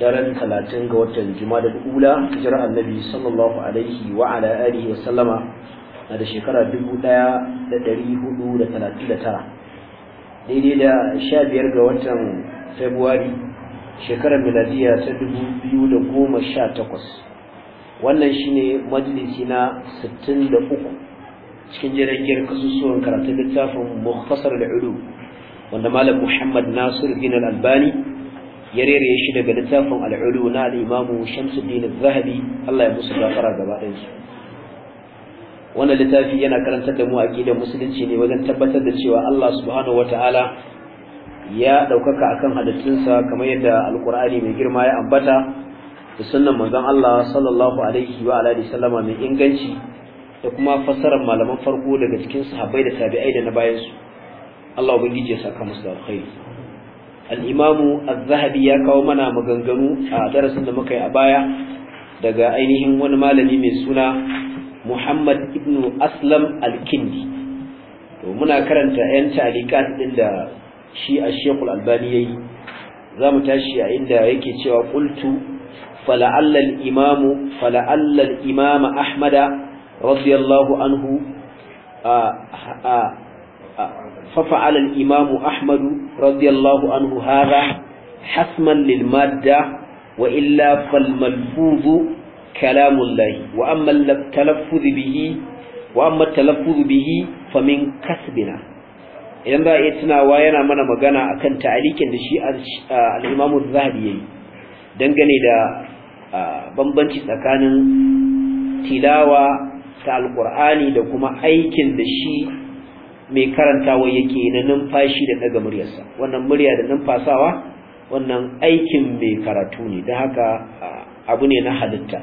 daren talatin ga watan da ula hijirar annabi sallallahu alaihi wa ala alihi wa sallama na da shekara dubu ɗaya da ɗari hudu da talatin da tara daidai da sha biyar ga watan februari shekarar miladiya ta dubu biyu da goma sha takwas wannan shine majalisi na sittin da uku cikin jirgin kasusuwan karatun littafin muhtasar al'ulu wanda malam muhammad nasir bin al-albani ya shi daga littafin al'ulu na al'imamu shamsuddin zahabi Allah ya musu gafara gaba ɗansu wannan littafi yana karantar da mu gidan musulunci ne wajen tabbatar da cewa Allah subhanahu wataala ya ɗaukaka akan halittunsa kamar yadda alkur'ani mai girma ya ambata da sunnan manzon Allah sallallahu alaihi wa alihi sallama mai inganci da kuma fassarar malaman farko daga cikin sahabbai da tabi'ai da na bayansu Allah ubangiji ya saka musu da alkhairi al'imamu al-zahabi ya kawo mana maganganu a darasin da muka yi a baya daga ainihin wani malami mai suna muhammad ibn aslam al-kindi to muna karanta 'yan ta'alikat ɗin da shi a shekul albani ya yi za mu tashi a inda yake cewa kultu fala'allal imamu fala'allal imama ahmada radiyallahu anhu a ففعل الإمام أحمد رضي الله عنه هذا حسما للمادة وإلا فالملفوظ كلام الله وأما التلفظ به وأما التلفظ به فمن كسبنا idan za a iya tunawa yana mana magana a kan ta'alikin da shi al-Imam zahabi yayi dangane da bambanci tsakanin tilawa ta alkur'ani da kuma aikin da shi mai karantawa yake na numfashi da daga muryarsa wannan murya da numfasawa wannan aikin mai karatu ne da haka abu ne na halitta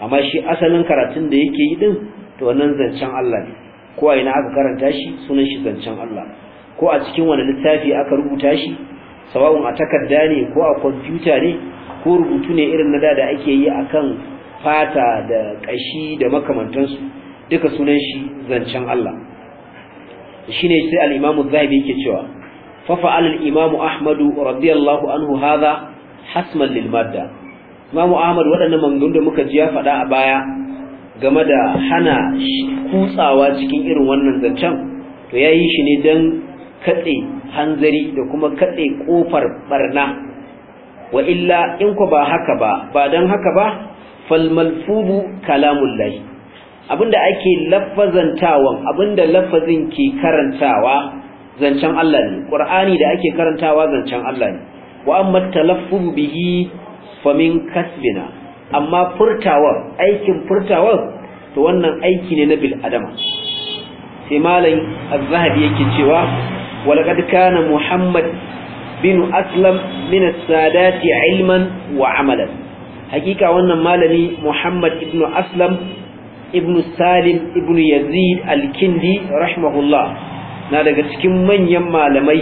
amma shi asalin karatun da yake yi din to wannan zancen Allah ne ko a ina aka karanta shi sunan shi zancen Allah ko a cikin wani littafi aka rubuta shi sawa'un a takarda ne ko a kwamfuta ne ko rubutu ne irin na da da ake yi akan fata da kashi da makamantansu duka sunan shi zancen Allah shine sai al-Imam zahabi yake cewa fa fa'al al-Imam Ahmad radiyallahu anhu hadha hasman lil madda Imam Ahmad waɗannan mangun da muka ji ya faɗa a baya game da hana kutsawa cikin irin wannan zancen to yayi shi ne dan katse hanzari da kuma katse kofar barna wa illa in ko ba haka ba ba dan haka ba fal malfubu kalamullahi abinda ake lafazantawan abinda lafazin ke karantawa zancen Allah ne qur'ani da ake karantawa zancen Allah ne wa amma talaffuz bihi fa min kasbina amma furtawar aikin furtawar to wannan aiki ne na bil adama sai malam az-zahabi yake cewa laqad kana muhammad bin aslam min as-sadati ilman wa amalan hakika wannan malami muhammad ibnu aslam ibn salim ibn yazid al-kindi rahimahullah na daga cikin manyan malamai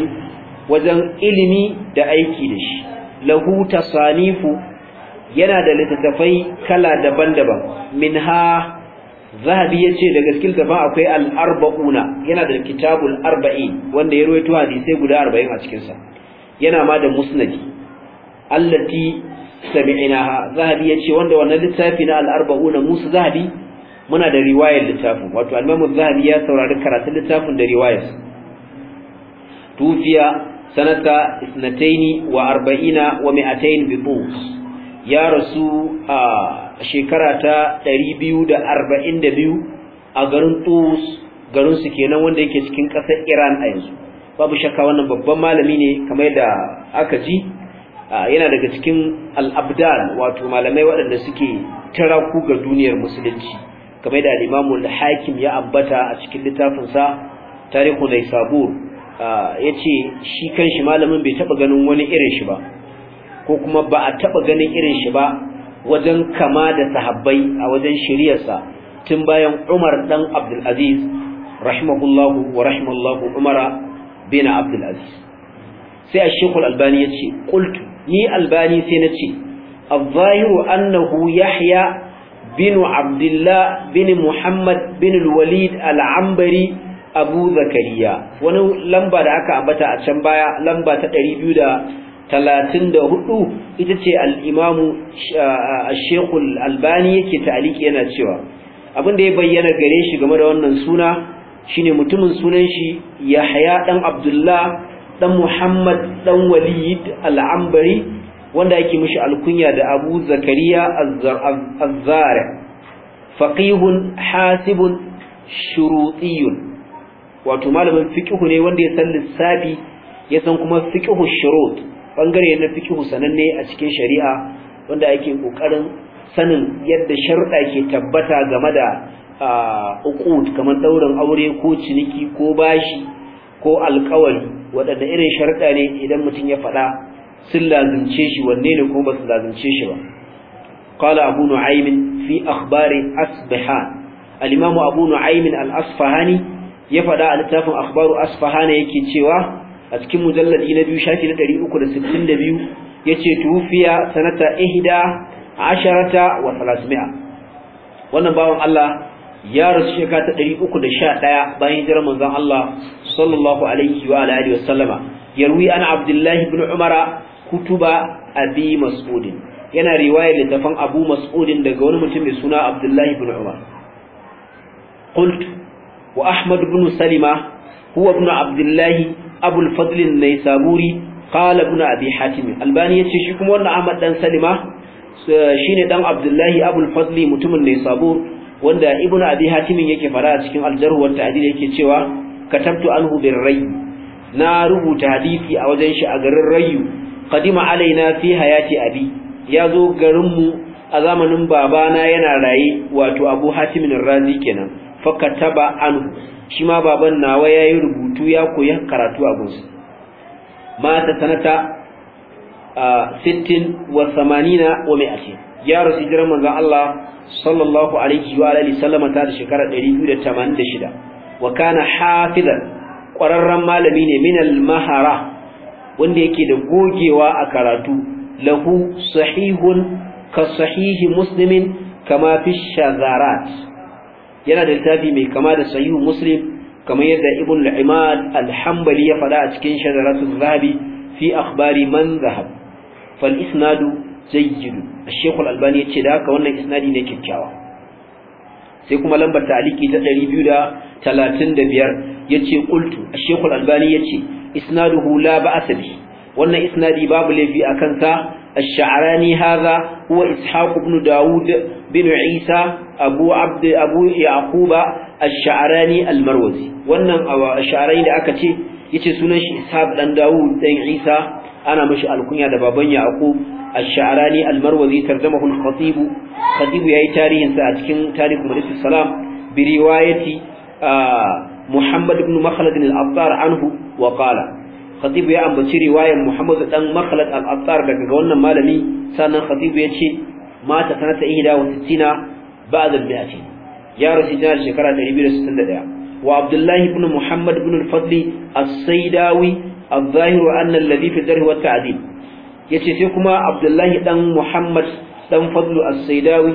wajen ilimi da aiki da shi lahu tasanifu yana da littattafai kala daban-daban minha zahabi ya ce daga cikin daban akwai al-arba'una yana da kitabul arba'in wanda ya rawaito hadisai guda arba'in a cikinsa yana ma da musnadi allati sami'inaha zahabi ya ce wanda wannan littafi na al-arba'una musu zahabi muna da riwayar littafin wato al zahabi ya saurari karatun littafin da riwayar tufiya sanata isnataini wa arba'ina wa mi'atain bi ya rasu a shekara ta 242 a garin Tus garin su kenan wanda yake cikin ƙasar Iran a yanzu babu shakka wannan babban malami ne kamar da aka ji yana daga cikin al wato malamai waɗanda suke taraku ga duniyar musulunci kamar da al-Imam al-Hakim ya ambata a cikin littafin sa Tarihu sabur yace shi kanshi malamin bai taba ganin wani irin shi ba ko kuma ba a taba ganin irin shi ba wajen kama da sahabbai a wajen shiriyarsa tun bayan Umar dan Abdul Aziz rahimahullahu wa rahimallahu Umara bin Abdul Aziz sai Sheikh Al-Albani yace qultu ni Albani sai nace الظاهر أنه يحيى Binu Abdullah, bini Muhammad, binu Walid, Al-Ambari, Abu da Kariya. Wani lamba da aka ambata a can baya lamba ta ɗari biyu da talatin da hudu ita ce al'immanu uh, Shekul Albani yake ke yana cewa. Abin da ya bayyana gare shi game da wannan suna, shine mutumin sunan shi yahya ɗan Abdullah, ɗan Muhammad, ɗan Walid, Al-Ambari. wanda yake mishi alkunya da Abu Zakariya az faqihun hasibun shurutiyun wato malamin fiqhu ne wanda ya san lissafi ya san kuma fiqhu shurut bangare na fiqhu sananne a cikin shari'a wanda yake kokarin sanin yadda sharuɗa ke tabbata game da uqud kamar daurin aure ko ciniki ko bashi ko alƙawari waɗanda irin sharuɗa ne idan mutum ya faɗa sun lazimce shi wanne ne kuma ba su lazimce shi ba قال أبو نعيم في أخبار أصبحان الإمام أبو نعيم الأصفهاني يفدى لتاف أخبار أصبحان يكي تيوا أتكي مجلد إلى بيو شافي لتري أكل ستين دبيو يتي توفي سنة إهدى عشرة وثلاثمائة wannan bawan Allah ya rasu shekara ta 311 bayan hijirar manzon Allah sallallahu alaihi wa alihi wa sallama yarwi ana Abdullah ibn Umara kutuba abi mas'udin yana riwaya littafin abu mas'udin daga wani mutum mai suna abdullahi Ibn umar qult wa ahmad bin salima huwa ibn abdullahi abu al-fadl an-naysaburi qala abi hatim albani yace shi kuma wannan ahmad dan salima shine dan abdullahi abu al-fadl mutumin naysabur wanda ibn abi hatim yake fara a cikin al-jarh wa ta'dil yake cewa katabtu anhu bir na rubuta hadisi a wajen shi a garin rayu qadima alaina fi hayati abi ya zo garinmu a zamanin babana yana raye wato abu hatim razi kenan kataba anhu shi ma baban nawa yayi rubutu ya koyi karatu a gunsa mata sanata sittin wa samanina wa mi'atin ya rasu jiran manzon Allah sallallahu alaihi wa alihi sallama ta da shekara 286 wa kana hafizan ƙwararren malami ne min al-mahara wanda yake da gogewa a karatu lahu sahihun ka sahihi muslimin kama fi shazarat yana da littafi mai kama da sahihu muslim kamar yadda ibn al-imad al-hanbali ya faɗa a cikin shazaratul zahabi fi akhbari man zahab fal isnadu jayyidu shaykh al-albani yace da haka wannan isnadi ne kikkiawa sai kuma lambar ta'aliki ta 235 yace qultu al-shaykh al-albani yace isnaduhu la ba'sa bi wannan isnadi babu laifi akan sa الشعراني هذا هو إسحاق بن داود بن عيسى أبو عبد أبو يعقوب الشعراني المروزي wannan الشعراني da aka ce ce sunan shi Ishaq dan Dawud dan Isa ana mashi alkunya da baban Yaqub الشعراني المروزي ترجمه الخطيب خطيب yayi tarihin sa a cikin tarikh mulis salam muhammad ibn makhlad al-attar anhu wa qala khatibu ya ambaci riwayar muhammad dan makhlad al-attar daga wannan malami sannan khatibu ya ce mata ta sanata 61 ba'da al-mi'ati ya rasu jana shekara 261 wa abdullah ibn muhammad ibn al-fadl as-saydawi الظاهر أن الذي في الجرح والتعديل يتسي كما عبد الله دان محمد دان فضل السيداوي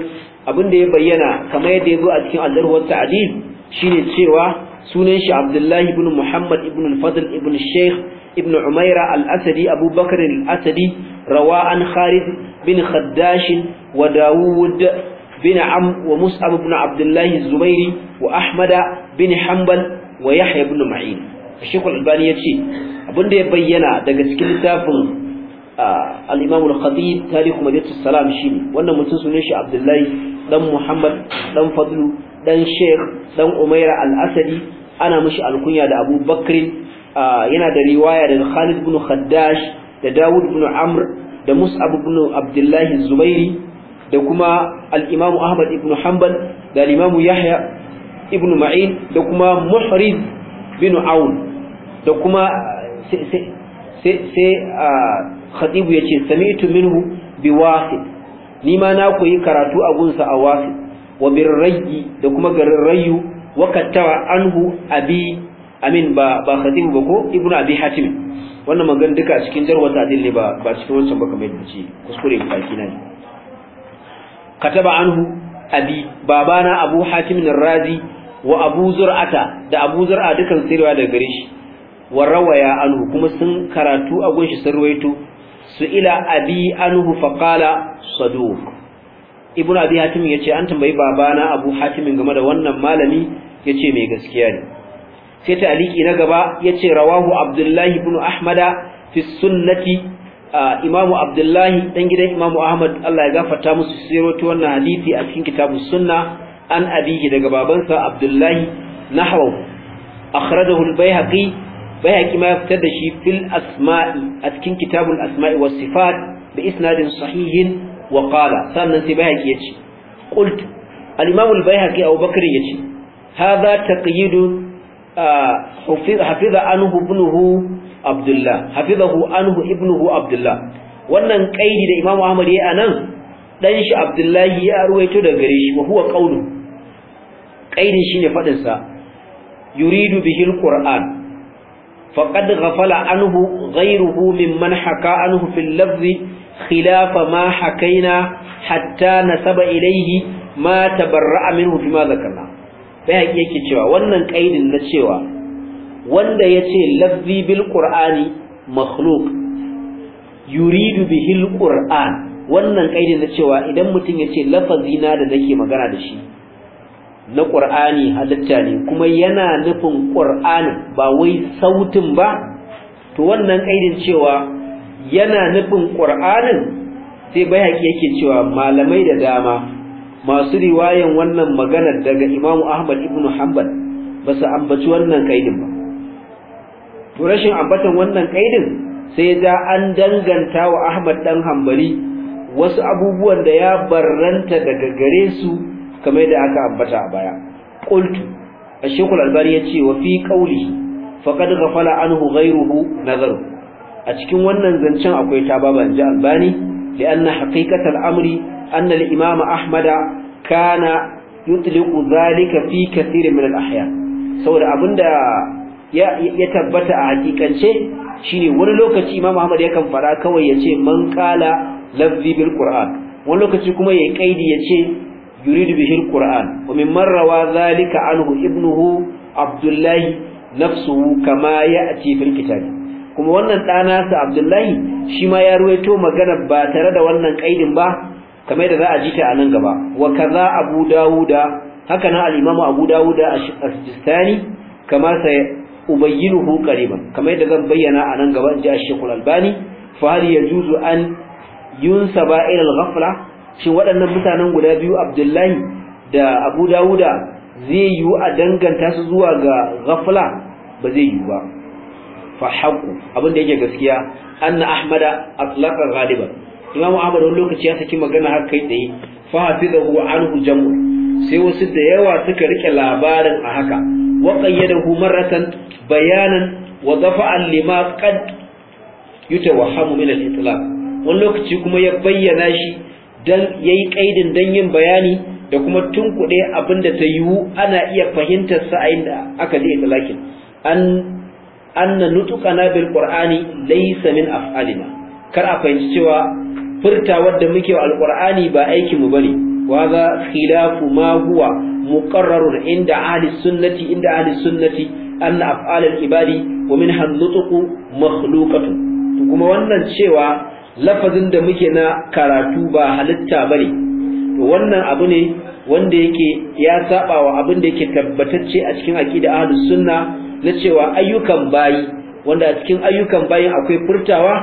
abin da ya bayyana kamar yadda ya zo a cikin aljarhu wata adil shine cewa sunan shi abdullahi ibn muhammad ibn fadl ibn sheikh ibn umaira al-asadi abubakar al-asadi rawa an khalid bin khaddash wa dawud bin am wa mus'ab ibn abdullahi zubairi wa ahmada bin hanbal wa yahya ibn ma'in shaykh al-albani yace abinda ya bayyana daga cikin littafin al-imam al-khatib tarikh madinatu salam shine wannan mutum sunan shi abdullahi dan muhammad dan fadlu dan sheikh dan umaira al-asadi ana mashi alkunya da abu bakrin yana da riwaya daga khalid ibn khaddash da dawud ibn amr da mus'ab ibn abdullah zubairi da kuma al-imam ahmad ibn hanbal da al yahya ibn ma'in da kuma muhriz bin aun da kuma sai khatibu yace sami'tu minhu biwasit ni ma na koyi karatu a gunsa a wasit wa birrayyi da kuma garin rayu wa kattara anhu abi amin ba ba khatim ba ko ibnu abi hatim wannan magana duka a cikin jarwa ta dille ba ba cikin wancan ba kamar yadda ce kuskure ba kina ne kataba anhu abi babana abu hatim ar-razi wa abu zur'ata da abu zur'a dukan sirwa daga gare shi wa rawaya anhu kuma sun karatu a gunshi sun su ila abi anhu faqala saduq ibnu abi hatim yace an tambayi babana abu hatim game da wannan malami yace mai gaskiya ne sai aliki na gaba yace rawahu abdullahi ibn ahmada fi sunnati Imamu abdullahi dan gidan Imamu ahmad Allah ya gafarta musu sirratu wannan hadisi a cikin sunna an abihi daga babansa abdullahi nahwa akhrajahu al-baihaqi baihaqi ma fitar da shi fil asma'i a cikin kitabul asma'i was sifat bi isnadin sahihin wa qala sannan sai bayhaqi yace qultu al-imam al-bayhaqi Abu Bakr yace hadha taqyid hafiza anhu ibnuhu Abdullah hafizahu Abdullah wannan kaidi da Imam Ahmad yi anan dan shi abdullahi ya ruwaito da gare shi wa huwa qawlu kaidin shine fadin sa yuridu bihi al-Qur'an فقد anhu عنه min ممن anhu fil lafzi khilafa ma hakaina hatta nasaba ilaihi ma tabarra'a minhu bima zakarna bai yake cewa wannan kaidin cewa wanda yace lafzi bil qur'ani makhluq yuridu bihil qur'an wannan kaidin na cewa idan mutum yace lafazi na da nake magana da shi na qur'ani halitta ne kuma yana nufin qur'anin ba wai sautin ba to wannan kaidin cewa yana nufin ƙur'anin sai haƙi yake cewa malamai da dama masu riwayan wannan maganar daga Imam Ahmad ibn Hanbal ba su ambaci wannan kaidin ba to rashin ambatan wannan kaidin sai da an danganta wa Ahmad dan Hanbali wasu abubuwan da ya barranta daga gare su kamar da aka ambata a baya qultu ash-shaykh ce, yace wa fi qawli faqad ghafala anhu ghayruhu nazaruhu a cikin wannan zancen akwai ta baban inji albani na haqiqatal amri anna al Imama ahmad kana yutliqu zalika fi kathir min al-ahya saboda abinda ya ya tabbata a hakikance shine wani lokaci imam ahmad yakan fara kawai yace man qala lafzi bil qur'an wani lokaci kuma ya yi kaidi yace yuridu bihi al-qur'an wa mimman rawa zalika anhu ibnuhu abdullahi nafsuhu kama ya'ti fil kitabi kuma wannan ɗana su abdullahi shi ma ya ruwaito magana ba tare da wannan kaidin ba kamar da za a ji ta a nan gaba wa kaza abu dawuda haka na al abu dawuda as-sijistani kamar sai ubayyinuhu qariban kamar da zan bayyana a nan gaba in ji ash-shaykh al-albani fa hal yajuzu an yunsaba ila al-ghafla shin waɗannan mutanen guda biyu abdullahi da abu dawuda zai yiwu a danganta su zuwa ga ghafla ba zai yiwu ba fa haqqu abin da yake gaskiya anna ahmada atlaqa Galiba. imamu ahmad wani lokaci ya saki magana har kai tsaye fa huwa anhu jamu sai wasu da yawa suka rike labarin a haka wa qayyadahu marasan bayanan wa dafa'an lima qad yutawahhamu min al-itlaq wani lokaci kuma ya bayyana shi dan yayi kaidin dan yin bayani da kuma tunkuɗe abinda ta yiwu ana iya fahimtar sa a da aka je itlakin an anna nutukana bil qur'ani laysa min af'alina kar a fahimci cewa furta wadda muke wa alqur'ani ba aikin mu bane wa za khilafu ma huwa muqarrarun inda ahli sunnati inda ahli sunnati anna af'al al ibadi wa minha nutuqu makhluqatun kuma wannan cewa lafazin da muke na karatu ba halitta bane wannan abu ne wanda yake ya saba wa abin da yake tabbatacce a cikin aqida ahlus sunna na cewa ayyukan bayi wanda a cikin ayyukan bayi akwai furtawa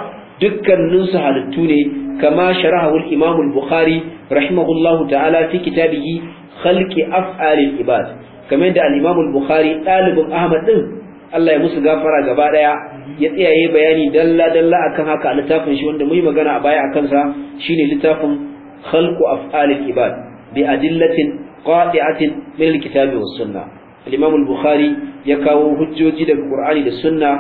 dukkanin su halittu ne kama sharahu al-imam al-bukhari rahimahullahu ta'ala fi kitabihi khalqi af'alil ibad kamar da al-imam al-bukhari ahmad din Allah ya musu gafara gaba daya ya tsayaye bayani dalla dalla akan haka a littafin shi wanda muyi magana a baya akan sa shine littafin khalqu af'al al-ibad bi adillatin qati'atin min al-kitabi was sunnah bukhari ya kawo hujjoji daga qur'ani da sunna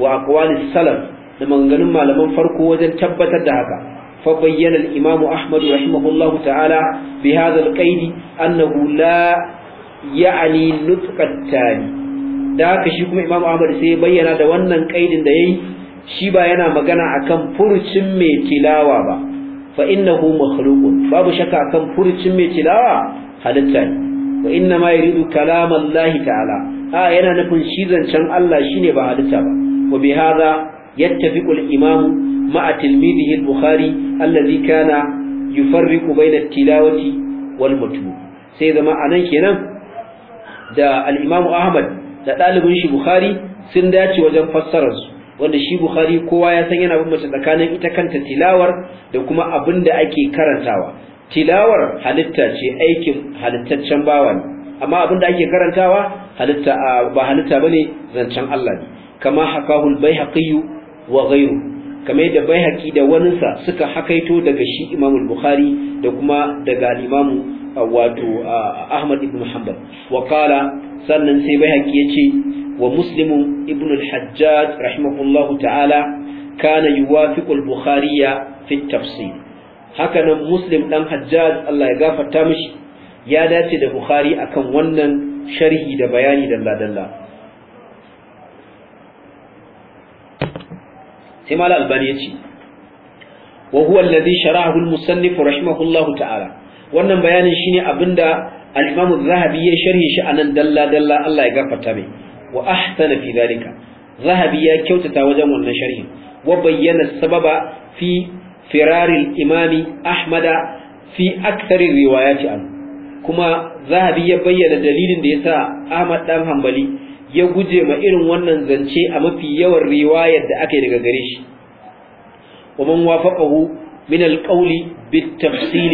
wa aqwalis salaf da maganganun malaman farko wajen tabbatar da haka fa bayyana al-imam ahmad rahimahullahu ta'ala bi hadha al annahu la ya'ni nutqat tani da haka shi kuma imam ahmad sai bayyana da wannan kaidin da ya yi shi ba yana magana akan furucin mai tilawa ba fa innahu makhluqun babu shakka kan furucin mai tilawa halitta ne wa inna ma yuridu kalam Allah ta'ala A'a yana nufin cizon can Allah shine ba halitta ba wa bi hadha yattafiqu al-imam ma'a tilmidihi al-bukhari alladhi kana yufarriqu bayna at-tilawati wal matbu sai zama anan kenan da al-imam Ahmad da dalibin shi Bukhari sun dace wajen fassararsu. wanda shi bukhari kowa ya san yana bambanta tsakanin ita kanta tilawar da kuma abin da ake karantawa tilawar halitta ce aikin halittaccen bawa ne amma abin da ake karantawa halitta ba halitta bane zancen Allah ne kama hakahul al-baihaqi wa ghayru kama yadda baihaqi da waninsa suka hakaito daga shi Imam bukhari da kuma daga imamu wato Ahmad ibn Hanbal wa qala sannan sai baihaqi yace ومسلم ابن الحجاج رحمه الله تعالى كان يوافق البخاري في التفصيل هكذا مسلم دان حجاج الله يغفرتا مشي يا dace da Bukhari akan wannan sharhi da bayani dalla dalla sai mal albani wa huwa alladhi sharahu al-musannif ta'ala wannan bayanin shine abinda al-imam zahabi ya sharhi shi anan dalla dalla Allah ya gafarta mai wa ahsana fi zalika zahabi ya kyautata wajen wannan sharhi wa bayyana sababa fi firaril imami ahmada fi aktarin riwayati an kuma zahabi ya bayyana dalilin da yasa ahmad dan hanbali ya guje ma irin wannan zance a mafi yawan riwayar da aka yi daga gare shi wa man wafaqahu min alqawli bit tafsil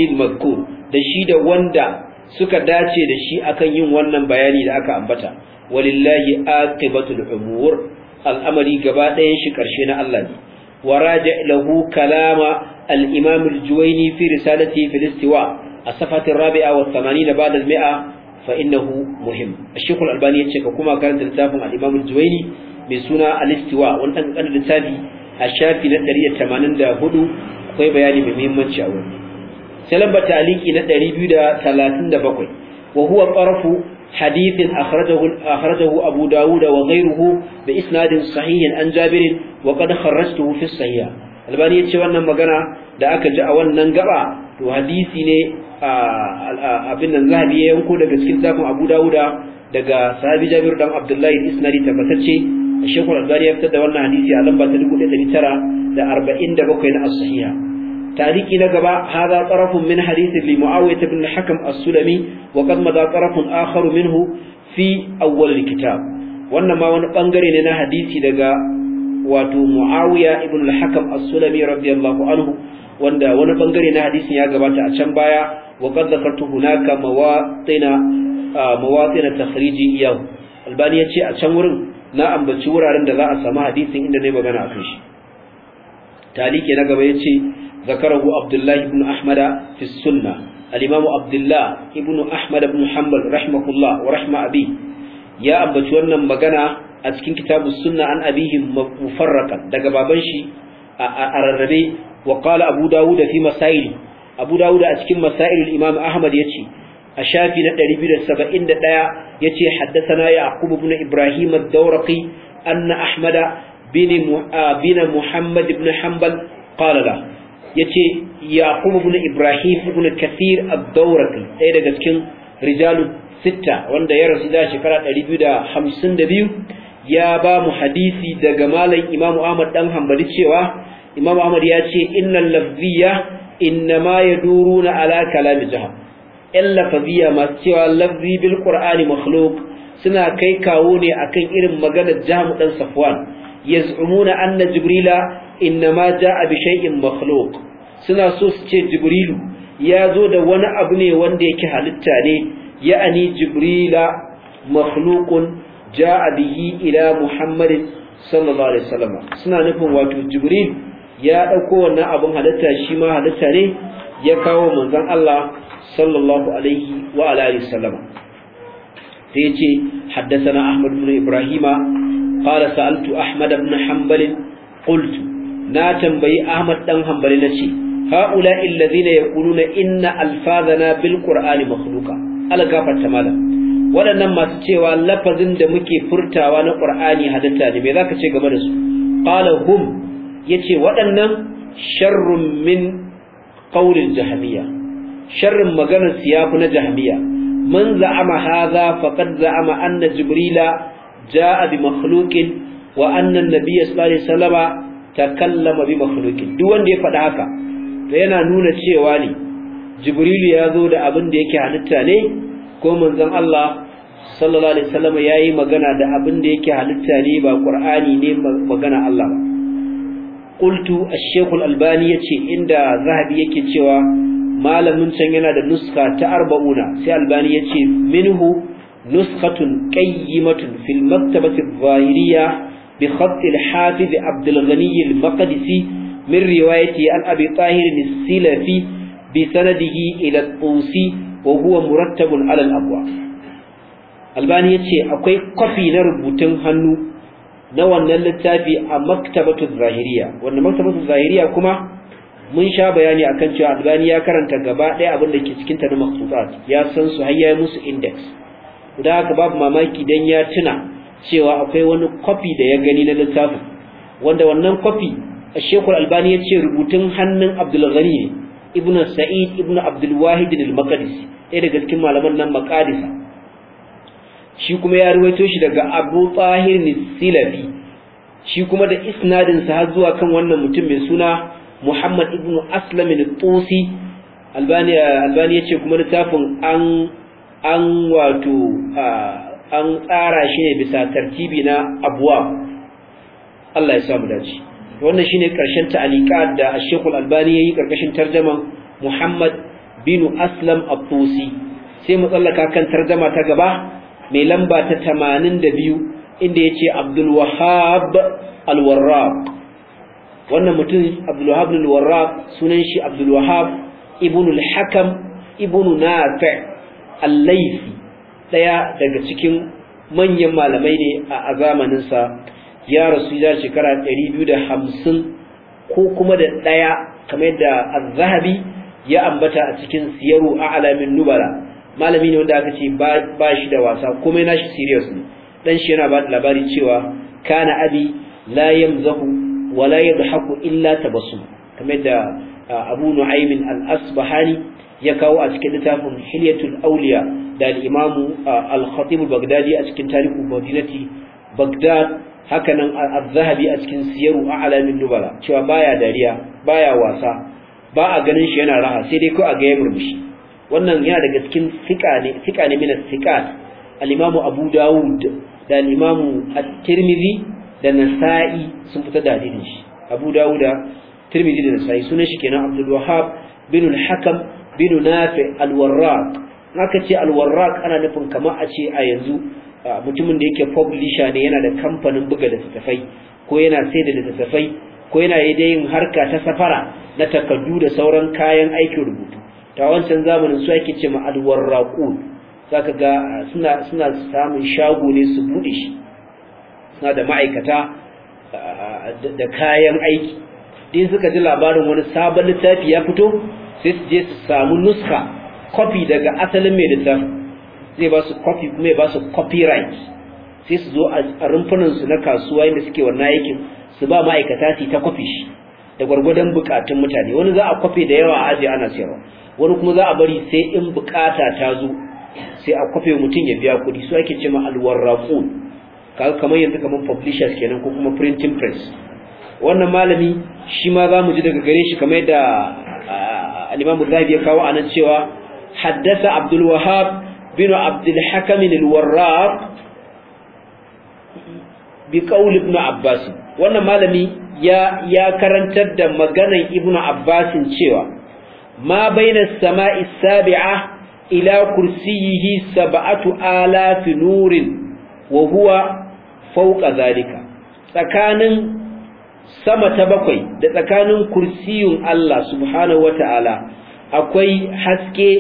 da shi da wanda suka dace da shi akan yin wannan bayani da aka ambata walillahi aqibatul umur al'amari gaba ɗayan shi ƙarshe na Allah ne wa raja kalama al-imam al-juwayni fi a safatin rabi'a wa tamanin da ba'da mi'a fa innahu muhim shekul albani ya ce ka kuma karanta littafin al-imam mai suna al-istiwa wanda ka kanta littafi a shafi na 184 akwai bayani mai muhimmanci a wani salamba ta aliki na 237 wa huwa ƙarfu حديث أخرجه, أخرجه أبو داود وغيره بإسناد صحيح عن جابر وقد خرجته في الصحيح الباني يتشوانا مغانا دا أكا جاء ونن قرأ وحديثي ني أبن الزهبي ينكو لك سكتاكم أبو داود daga sahabi Jabir dan Abdullahi isnadi tabbatacce Sheikh Al-Albani ya fitar da wannan hadisi a lamba ta 1947 na as-sahiha تعليق نقبا هذا طرف من حديث لمعاوية بن الحكم السلمي وقد مضى طرف آخر منه في أول الكتاب وانما ونقنقر لنا حديث دقا واتو معاوية بن الحكم السلمي رضي الله عنه wanda wani bangare na hadisin ya gabata a can baya wa qad zakartu hunaka mawatina mawatina iyahu albani yace a can wurin na ambaci wuraren da za a samu hadisin inda ne magana a shi na gaba yace ذكره عبد الله بن أحمد في السنة الإمام عبد الله ابن أحمد بن حنبل رحمه الله ورحمة أبيه يا أبا تولنا مغانا أتكين كتاب السنة عن أبيه مفرقا دقا بابنشي أرربي وقال أبو داود في مسائل أبو داود أتكين مسائل الإمام أحمد يتي أشافي نتريبي للسبعين دقايا يتي حدثنا يعقوب بن إبراهيم الدورقي أن أحمد بن محمد بن حنبل قال له Ya ce yaqub ibn ibrahim ibn kathir ad ɗaya daga cikin rijalu sitta wanda ya rasu da shekara 252 ya ba mu hadisi daga malam imamu ahmad dan hanbali cewa imamu ahmad ya ce innal lafziya innama yaduruna ala kalam jaha. yan lafaziya masu cewa lafzi bil qur'ani makhluq suna kai kawo ne akan irin maganar jamu dan safwan yaz'umuna anna jibrila innama ja'a bi shay'in makhluq suna so su ce jibrilu ya zo da wani abu ne wanda yake halitta ne ya'ani jibrila makhluqun ja'a bihi ila muhammadin sallallahu alaihi wasallam suna nufin wato jibril ya dauko wannan abun halitta shi ma halitta ne ya kawo manzon Allah sallallahu alaihi wa alihi wasallam sai yace haddathana ahmad ibn ibrahima qala sa'altu ahmad ibn hanbal qultu na tambayi Ahmad dan Hanbali nace haula ya yaquluna inna alfazana bil qur'ani makhluqa algafarta malam waɗannan masu cewa lafazin da muke furtawa na qur'ani hadatta ne me zaka ce game da su qala hum yace waɗannan sharrun min qawlil jahmiya Sharrun maganar siyafu na jahmiya man za'ama hadha faqad za'ama anna jibrila ja'a bi makhluqin wa anna an-nabiy sallallahu alaihi wasallama takallama bi makhluqin duk wanda ya faɗa haka to yana nuna cewa ne jibrilu ya zo da abin da yake halitta ne ko manzon Allah sallallahu alaihi wasallam yayi magana da abin da yake halitta ne ba qur'ani ne magana Allah ba qultu ash-shaykh al-albani yace inda zahabi yake cewa malamin can yana da nuska ta arba'una sai albani yace minhu nuskatun qayyimatun fil maktabati adh بخط الحافظ عبد الغني المقدسي من روايته عن أبي طاهر السلفي بسنده إلى الطوسي وهو مرتب على الأبواب albani ya ce akwai kwafi na rubutun hannu na wannan littafi a maktabatu zahiriya wanda maktabatu zahiriya kuma mun sha bayani akan cewa albani ya karanta gaba ɗaya abin da ke cikin ta na maktubat ya san su har ya musu index da haka babu mamaki dan ya tuna cewa akwai wani kwafi da ya gani na littafin wanda wannan kwafi a shekul albani ya ce rubutun hannun abdulghani ne ibn sa'id ibn abdulwahid al maqdis ɗaya daga cikin malaman nan maqadisa shi kuma ya ruwaito shi daga abu tahir silafi shi kuma da isnadin sa har zuwa kan wannan mutum mai suna muhammad ibn aslam al-tusi albani albani ya ce kuma littafin an an wato an tsara shi ne bisa tartibi na abuwa Allah ya samu dace wannan shine karshen ta'alika da Sheikh Al-Albani yayi karkashin tarjaman Muhammad bin Aslam At-Tusi sai mu tsallaka kan tarjama ta gaba mai lamba ta 82 inda yace Abdul Wahhab Al-Warraq wannan mutum Abdul Wahhab Al-Warraq sunan shi Abdul Wahhab ibn Al-Hakam ibn Nafi' Al-Laythi ɗaya daga cikin manyan malamai ne a zamaninsa ya rasu ya shekara 250 ko kuma da ɗaya kamar yadda azhabi ya ambata a cikin siyaru a alamin nubala malami ne wanda aka ce ba shi da wasa kuma yana shi serious ne dan shi yana ba da labari cewa kana abi la yamzahu wa la yadhaku illa tabassum kamar yadda abu nu'aymin al-asbahani ya kawo a cikin littafin hilyatul auliya da al-imamu al-khatib a cikin tarihu madinati baghdad hakanan a zahabi a cikin siyaru a'lamin nubala cewa baya dariya baya wasa ba a ganin shi yana raha sai dai ko a ga ya murmushi wannan yana daga cikin fiqa ne fiqa ne min as al-imamu abu dawud da al-imamu at-tirmidhi da nasa'i sun fitar da hadisin shi abu tirmidhi da nasa'i sunan shi kenan abdul wahhab bin al-hakam bin nafi alwarraq haka ce alwarraq ana nufin kamar a ce a yanzu mutumin da yake publisher ne yana da kamfanin buga littattafai ko yana sai da littattafai ko yana da yin harka ta safara na takardu da sauran kayan aikin rubutu ta wancan zamanin su ake ce ma alwarraqun zaka ga suna suna samun shago ne su bude shi suna da ma'aikata da kayan aiki din suka ji labarin wani sabon littafi ya fito sai su je su samu nuska kofi daga asalin mai littar zai ba su kofi kuma ya ba su copyright sai su zo a rumfunan na kasuwa inda suke wannan aikin su ba ma'aikata su ta kofi shi da gwargwadon bukatun mutane wani za a kofi da yawa a ajiye ana sayarwa wani kuma za a bari sai in bukata ta zo sai a kofi mutum ya biya kuɗi su ake cewa alwarraqun kaga kamar yanzu kamar publishers kenan ko kuma printing press wannan malami shi ma za mu ji daga gare shi kamar yadda ah, al-Imam ya kawo anan cewa haddasa Abdul Wahhab bin Abdul Hakim al-Warraq bi Ibn Abbas wannan malami ya ya karantar da maganar Ibn Abbas cewa ma baina samai sabi'a ila kursiyihi sab'atu alafi nurin wa huwa fawqa zalika tsakanin sama ta bakwai da tsakanin kursiyun Allah subhanahu wata'ala akwai haske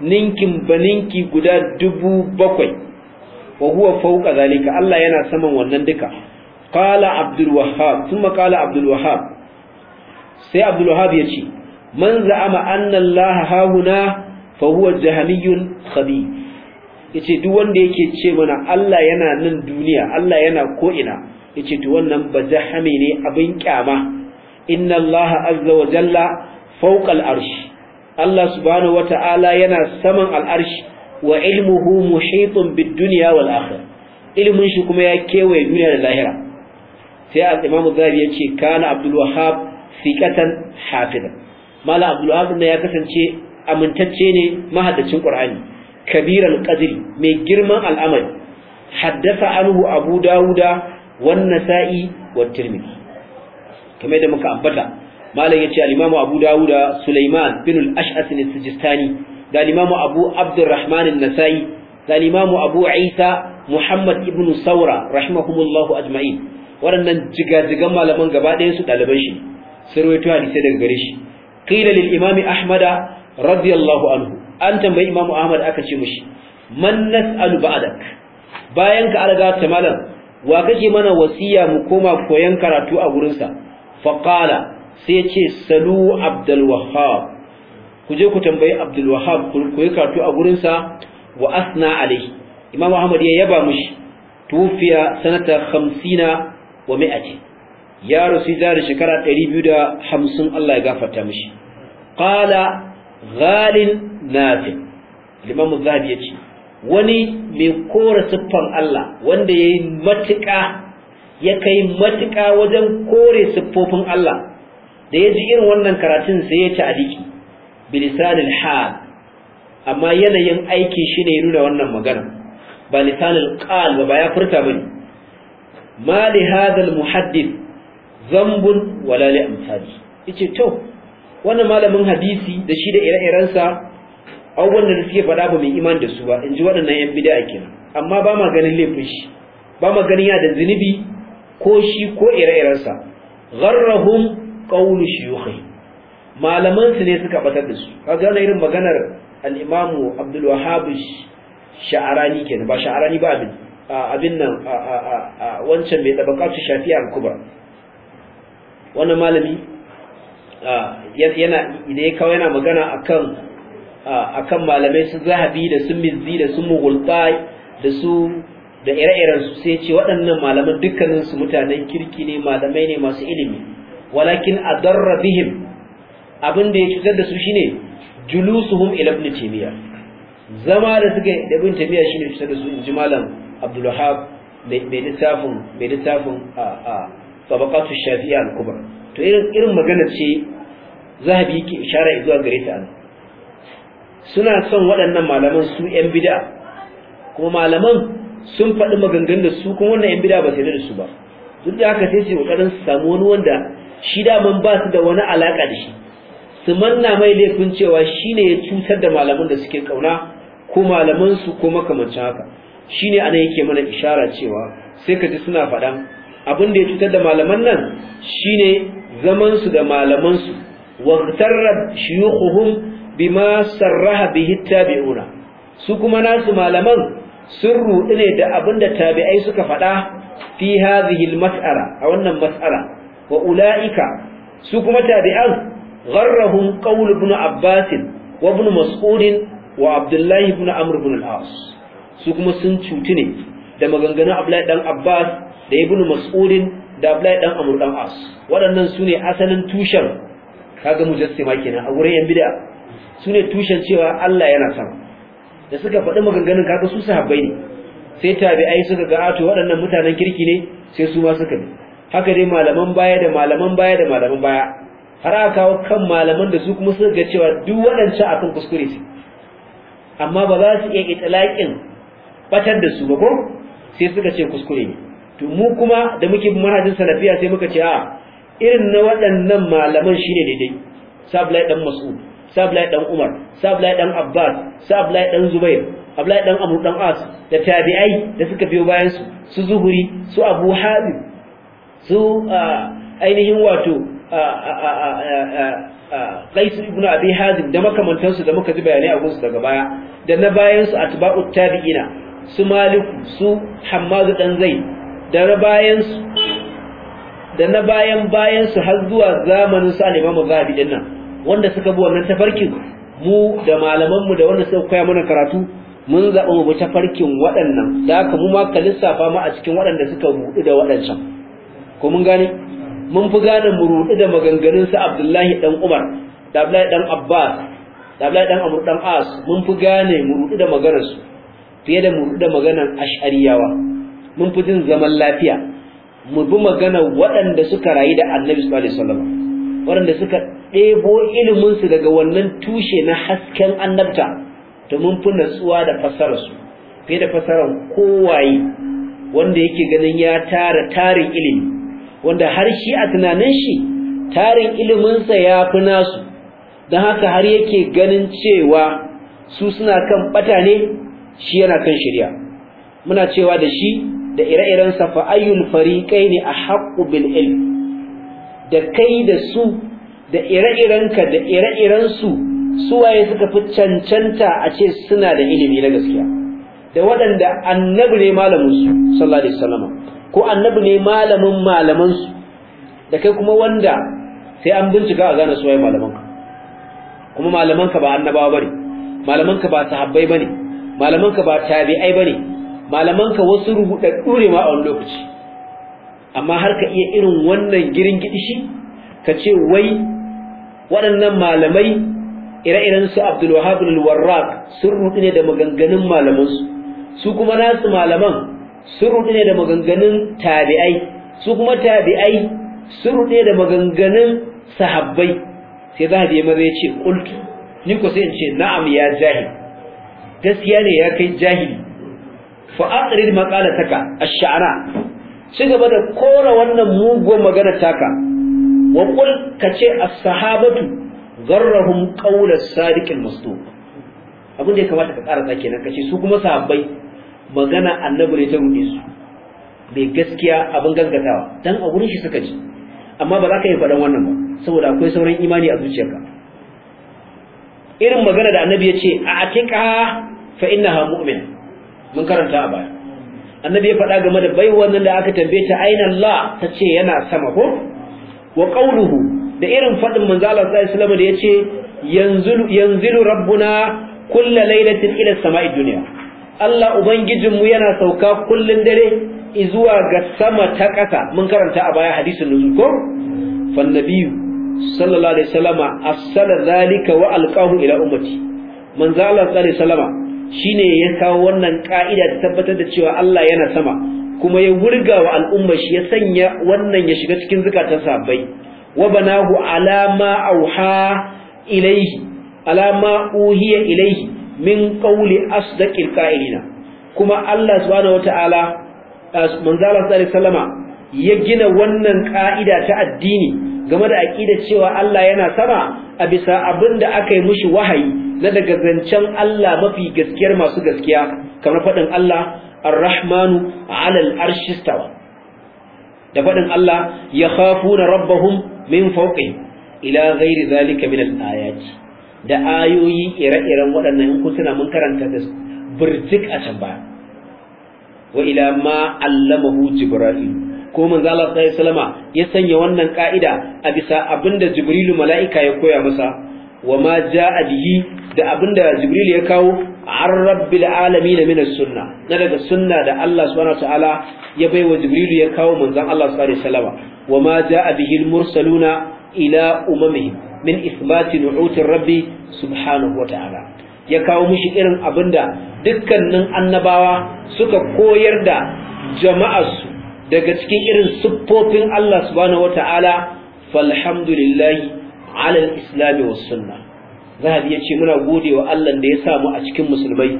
ninkin baninki guda dubu bakwai wa huwa fauka zalika Allah yana saman wannan duka kala abdul Abdulwahab. thumma kala abdul sai abdul ya ce man za'ama annan laha hauna fa huwa jahmiyun khabi ce duk wanda yake ce mana Allah yana nan duniya Allah yana ko'ina. yace to wannan bazahame ne abin kyama inna Allah azza wa jalla fawqa al-arsh Allah subhanahu wata'ala yana saman al-arsh wa ilmuhu muhitun bid-dunya wal akhirah ilmin shi kuma ya kewaye duniya da lahira sai al-imamu zahabi yace kana abdul wahhab thiqatan hafidan mala abdul wahhab ne ya kasance amintacce ne mahaddacin qur'ani kabiran qadri mai girman al'amari haddasa anhu abu Dawuda. wan sa'i wa tirmidhi kamar da muka ambata malam yace al-imam abu Dawuda, sulaiman bin al-ash'as al-sijistani da al-imam abu abdurrahman an-nasa'i da al abu isa muhammad ibn saura rahimahumullahu ajma'in waɗannan jigajigan malaman gaba ɗayan su ɗaliban shi sun rawaito hadisi daga gare shi da lil imam ahmad radiyallahu anhu an tambayi imam ahmad aka ce mishi man nas'alu ba'dak bayan ka alga ta malam wa kake mana wasiya mu koma koyan karatu a gurinsa faqala sai ce salu abdul ku je ku tambayi abdulwahab ku koyi karatu a gurinsa wa asna alai imam ahmad ya yaba mushi tufiya sanata hamsina wa mi'ati ya rusi da shekara ɗari biyu da hamsin. Allah ya gafarta mishi qala ghalin nafi imam az ya ce. wani mai kora siffan Allah wanda ya yi matuƙa ya kai matuƙa wajen kore siffofin Allah da ya ji irin wannan karatun sai ya ci aliki bilisanin hal amma yanayin aiki shi ne nuna wannan magana ba lisanin qal ba ya furta bane ma li hadal al zambun wala li amsali yace to wannan malamin hadisi da shi da ire-irensa abubuwan da suke faɗa ba mai iman da su ba in ji waɗannan yan bid'a kenan amma ba ma ganin laifin shi ba ma ganin ya da zunubi ko shi ko ire-irensa gharrahum qawlu shuyukhi malaman su ne suka batar da su kaga na irin maganar al-imam Abdul Wahhab sha'arani kenan ba sha'arani ba abin abin nan wancan mai tabakatu shafi'a al-kubra wannan malami yana idan ya kawo yana magana akan akan malamai su zahabi da su mizzi da su mughultai da su da ire-iren su sai ce waɗannan malaman dukkanin su mutanen kirki ne malamai ne masu ilimi walakin adarra bihim abin da ya cutar da su shine julusuhum ila ibn taymiya zama da suka da ibn taymiya shine cutar da su in ji malam abdul wahab mai littafin mai littafin a a tabaqatu shafi'i al-kubra to irin irin magana ce zahabi ke ishara zuwa gare ta suna son waɗannan malaman su yan bid'a kuma malaman sun faɗi maganganun da su kuma wannan yan bid'a ba sai da su ba duk da haka sai su kokarin su samu wani wanda shi daman ba su da wani alaka da shi su manna mai laifin cewa shine ya cutar da malaman da suke kauna ko malaman su ko makamancin haka shine ana yake mana ishara cewa sai ka ji suna faɗan abin da ya cutar da malaman nan shine zaman su da malaman su waqtarra shuyukhum bima sarraha bihi tabi'una su kuma nasu malaman sun rudu ne da abinda tabi'ai suka faɗa fi hadhihi al-mas'ala a wannan mas'ala wa ulaika su kuma tabi'an gharrahum qawl ibn abbas wa ibn mas'ud wa abdullah ibn amr ibn al-as su kuma sun cuti ne da maganganun abdullahi dan abbas da ibn mas'ud da abdullahi dan amr dan as waɗannan su ne asalin tushen kaga mujassima kenan a wurin yan bid'a su ne tushen cewa Allah yana sama da suka faɗi maganganun kaga su sahabbai ne sai tabi'ai suka ga ato waɗannan mutanen kirki ne sai su ma suka bi haka dai malaman baya da malaman baya da malaman baya har aka kawo kan malaman da su kuma suka ga cewa duk waɗancan akan kuskure su amma ba za su iya itilaƙin batar da su ba ko sai suka ce kuskure ne to mu kuma da muke manhajin salafiya sai muka ce a irin na waɗannan malaman shine daidai sabla dan mas'ud sa dan Umar sa dan Abbas sa dan Zubair Abdullahi dan abu dan As da tabi'ai da suka biyo bayan su su Zuhuri su Abu Hazim su ainihin wato Qais ibn Abi Hazim da makamantansu da muka ji bayanai a gunsu daga baya da na bayan su atba'u tabi'ina su Malik su Hammad dan Zaid da na bayan da na bayan bayan su har zuwa zamanin su al-Imam Zahabi dinnan wanda suka bi wannan tafarkin mu da malamanmu da wanda suka koya mana karatu mun zaɓi mu bi tafarkin waɗannan da haka mu ma ka lissafa mu a cikin waɗanda suka ruɗu da waɗancan ko mun gane mun fi gane mu ruɗu da maganganun su Abdullahi dan Umar da Abdullahi dan Abbas da Abdullahi dan Amr dan As mun fi gane mu ruɗu da maganar su fiye da mu ruɗu da maganar Ash'ariyawa mun fi jin zaman lafiya mu bi maganar waɗanda suka rayu da Annabi sallallahu alaihi wasallam waɗanda suka ɗebo iliminsu daga wannan tushe na hasken annabta domin fi natsuwa da fasararsu fiye da fasarar kowaye wanda yake ganin ya tara tarin ilimi wanda har shi a tunanin shi tarin iliminsa ya fi nasu don haka har yake ganin cewa su suna kan ɓata ne shi yana kan shirya muna cewa da shi da ire-irensa iren fa'ayyul fariƙai ne a haƙƙu bil ilm da kai da su da ire-irenka da ire-irensu suwaye suka fi cancanta a ce suna da ilimi na gaskiya da waɗanda annabi ne malaminsu sallallahu alaihi wasallam ko annabi ne malamin malamansu da kai kuma wanda sai an bincika a gane suwaye malamanka kuma malamanka ba annabawa bane malamanka ba sahabbai bane malamanka ba tabi'ai bane malamanka wasu rubutaddu ne ma a wani lokaci amma har ka iya irin wannan girin shi ka ce wai waɗannan malamai ire-iren su Abdul wahab al-Warraq sun rudu ne da maganganun malaman su su kuma nasu malaman sun rudu ne da maganganun tabi'ai su kuma tabi'ai sun rudu ne da maganganun sahabbai sai za a je maza ya ce qultu ni ko sai in ce na'am ya jahil gaskiya ne ya kai jahili fa aqrid maqalataka ash-sha'ra ci gaba da kora wannan muguwar magana taka wa ka kace as-sahabatu garrahum qawl as-sadiq al-masduq abin da ya kamata ka karanta kenan kace su kuma sahabbai magana annabi ne ta rude su mai gaskiya abin gaskatawa dan a wurin shi suka ji amma ba za ka yi faɗan wannan ba saboda akwai sauran imani a zuciyarka irin magana da annabi ya ce a atika fa innaha mu'min mun karanta a baya annabi ya faɗa game da bai wannan da aka tambaye ta aina Allah ta ce yana sama ko wa qawluhu da irin fadin manzo Allah sallallahu alaihi wasallam da yace yanzilu yanzilu rabbuna kulla lailatin ila samai dunya Allah ubangijinmu yana sauka kullun dare zuwa ga sama ta ƙasa mun karanta a baya hadisin nuzul ko fan nabiyyu sallallahu alaihi wasallama afsala zalika wa alqahu ila ummati manzo Allah sallallahu alaihi wasallama shine ya kawo wannan ka'ida ta tabbatar da cewa Allah yana sama kuma ya wurga wa al'umma shi ya sanya wannan ya shiga cikin zukatan sahabbai wa banahu ala ma auha ilaihi ala ma uhiya ilaihi min qawli asdaqil qa'ilina kuma Allah subhanahu wataala manzala sallama ya gina wannan ka'ida ta addini game da aqida cewa Allah yana sama a bisa abinda aka yi mushi wahayi na daga zancen Allah mafi gaskiyar masu gaskiya kamar faɗin Allah ar-rahmanu 'ala al da faɗin Allah ya khafuna rabbahum min fawqihim ila ghairi zalika min al da ayoyi ire-iren waɗannan in kun tuna mun karanta da burjik a can ba. wa ila ma allamahu jibril ko manzo Allah sallallahu salama ya sanya wannan ka'ida a bisa abinda Jibrilu mala'ika ya koya masa wa ma jaa bihi da abinda Jibrilu ya kawo an rabbil alamin min sunna na daga sunna da Allah subhanahu wataala ya baiwa jibrilu ya kawo manzon Allah sallallahu alaihi wasallam wa ma jaa bihi mursaluna ila umamihim min ithbati nu'uti rabbi subhanahu wataala ya kawo mushi irin abinda dukkanin annabawa suka koyar da jama'arsu daga cikin irin siffofin Allah subhanahu wataala falhamdulillahi ala al-islam wa sunnah zahabi ya ce muna godewa Allah da ya samu a cikin musulmai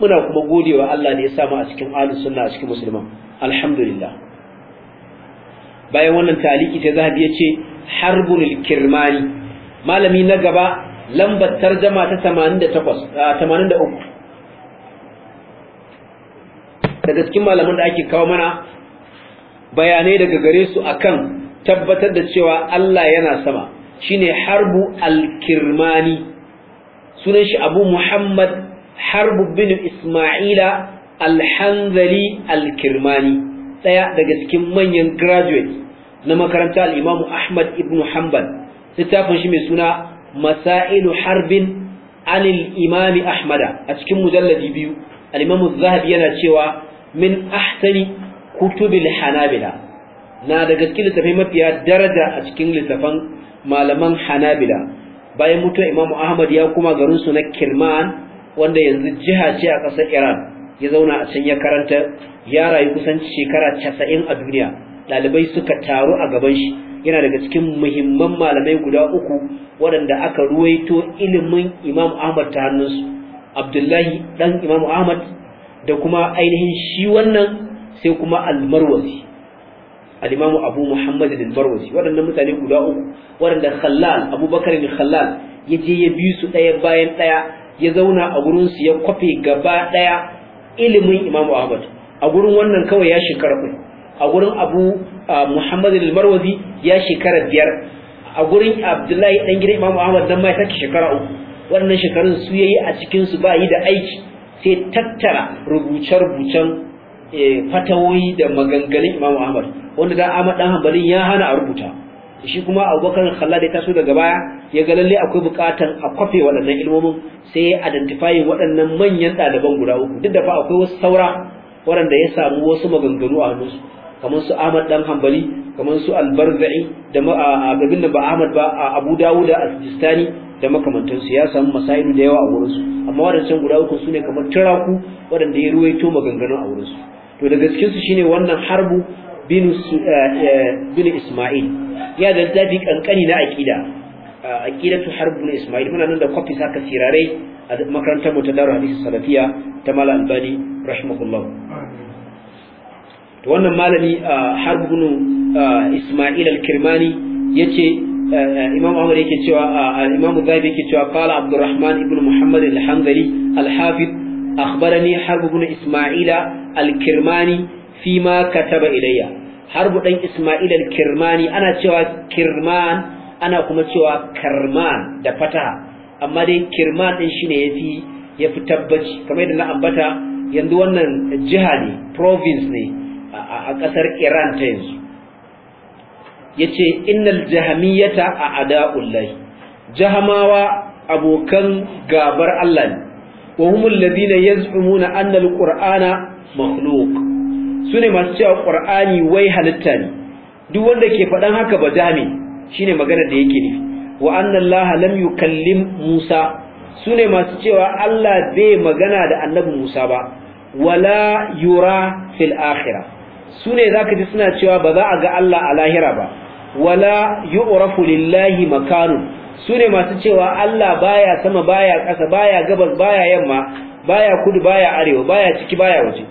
muna kuma godewa Allah da ya samu a cikin ahlus sunna a cikin musulman alhamdulillah bayan wannan taliki ta zahabi ya ce harbul kirmani malami na gaba lambar tarjama ta 88 83 daga cikin malaman da ake kawo mana bayanai daga gare su akan tabbatar da cewa Allah yana sama shine harbu alkirmani sunan shi abu muhammad harbu bin ismaila alhanzali alkirmani ɗaya daga cikin manyan graduate na makaranta al'imamu ahmad ibn hanbal littafin shi mai suna masailu harbin anil imami ahmada a cikin mujalladi biyu al'imamu zahabi yana cewa min ahsani kutubil hanabila na daga cikin littafai mafiya daraja a cikin littafan malaman hanabila bayan mutuwar imamu ahmad ya kuma garin su na kirman wanda yanzu jiha ce a ƙasar iran ya zauna a can ya karanta ya rayu kusan shekara casa'in a duniya ɗalibai suka taru a gaban shi yana daga cikin muhimman malamai guda uku waɗanda aka ruwaito ilimin imam ahmad ta hannunsu abdullahi ɗan imam ahmad da kuma ainihin shi wannan sai kuma almarwazi al-imam abu muhammad al-barwazi waɗannan mutane guda uku waɗanda khallal abubakar bin khallal ya je ya bi su ɗaya bayan ɗaya ya zauna a gurin su ya kwafe gaba daya ilimin imam ahmad a gurin wannan kawai ya shekara kai a gurin abu muhammad al ya shekara biyar a gurin abdullahi dan gidan imam ahmad dan ma ya shekara uku waɗannan shekarun su yayi a cikin su ba yi da aiki sai tattara rubuce-rubucen Eh, fatawoyi da maganganun Imam Ahmad wanda da Ahmad dan Hanbalin ya hana a rubuta shi kuma Abubakar Khallad ya taso daga baya ya ga lalle akwai bukatar a kwafe waɗannan ilmomin sai ya identify waɗannan manyan ɗaliban guda uku duk da fa akwai wasu saura waɗanda ya samu wasu maganganu a hannunsu kamar su Ahmad dan Hanbali kamar su Al-Barzai da abin da ba Ahmad ba Abu Dawud al-Sijistani da makamantansu ya samu masailu da yawa a wurinsu amma waɗancan guda uku su ne kamar turaku waɗanda ya ruwaito maganganu a wurinsu to daga cikin shine wannan harbu bin eh, eh, Isma'il ya da littafi kankani na aqida aqidatu harbu bin Isma'il muna nan da kwafi saka sirarai a makarantar mu ta Darul Hadith Salafiya ta Malam Albani rahimahullah to wannan malami harbu bin Isma'il al-Kirmani yace eh, imam Ahmad yake cewa imam Zabi yake cewa qala Abdurrahman ibn Muhammad al-Hanbali al-Hafiz أخبرني حرب بن إسماعيل الكرماني فيما كتب إلي حرب بن إسماعيل الكرماني أنا شوى كرمان أنا كما شوى كرمان دا فتح أما دي كرمان إن شيني يفي تبج كما يدنا أنبتا يندوانا جهة province ني أكثر إيران تينزو yace innal jahamiyata a ada'ullahi jahamawa abokan gabar Allah ne wa humul ladina yaz'umuna anna alqur'ana makhluq sune masu cewa qur'ani wai halitta ne duk wanda ke faɗan haka ba dame shine magana da yake ne wa anna allaha lam yukallim musa sune masu cewa Allah bai magana da annabi musa ba wala yura fil akhirah sune zaka ji suna cewa ba za a ga Allah a lahira ba wala yu'rafu lillahi makanun su ne masu cewa Allah baya sama baya ƙasa baya gabas baya yamma baya kudu baya arewa baya ciki baya waje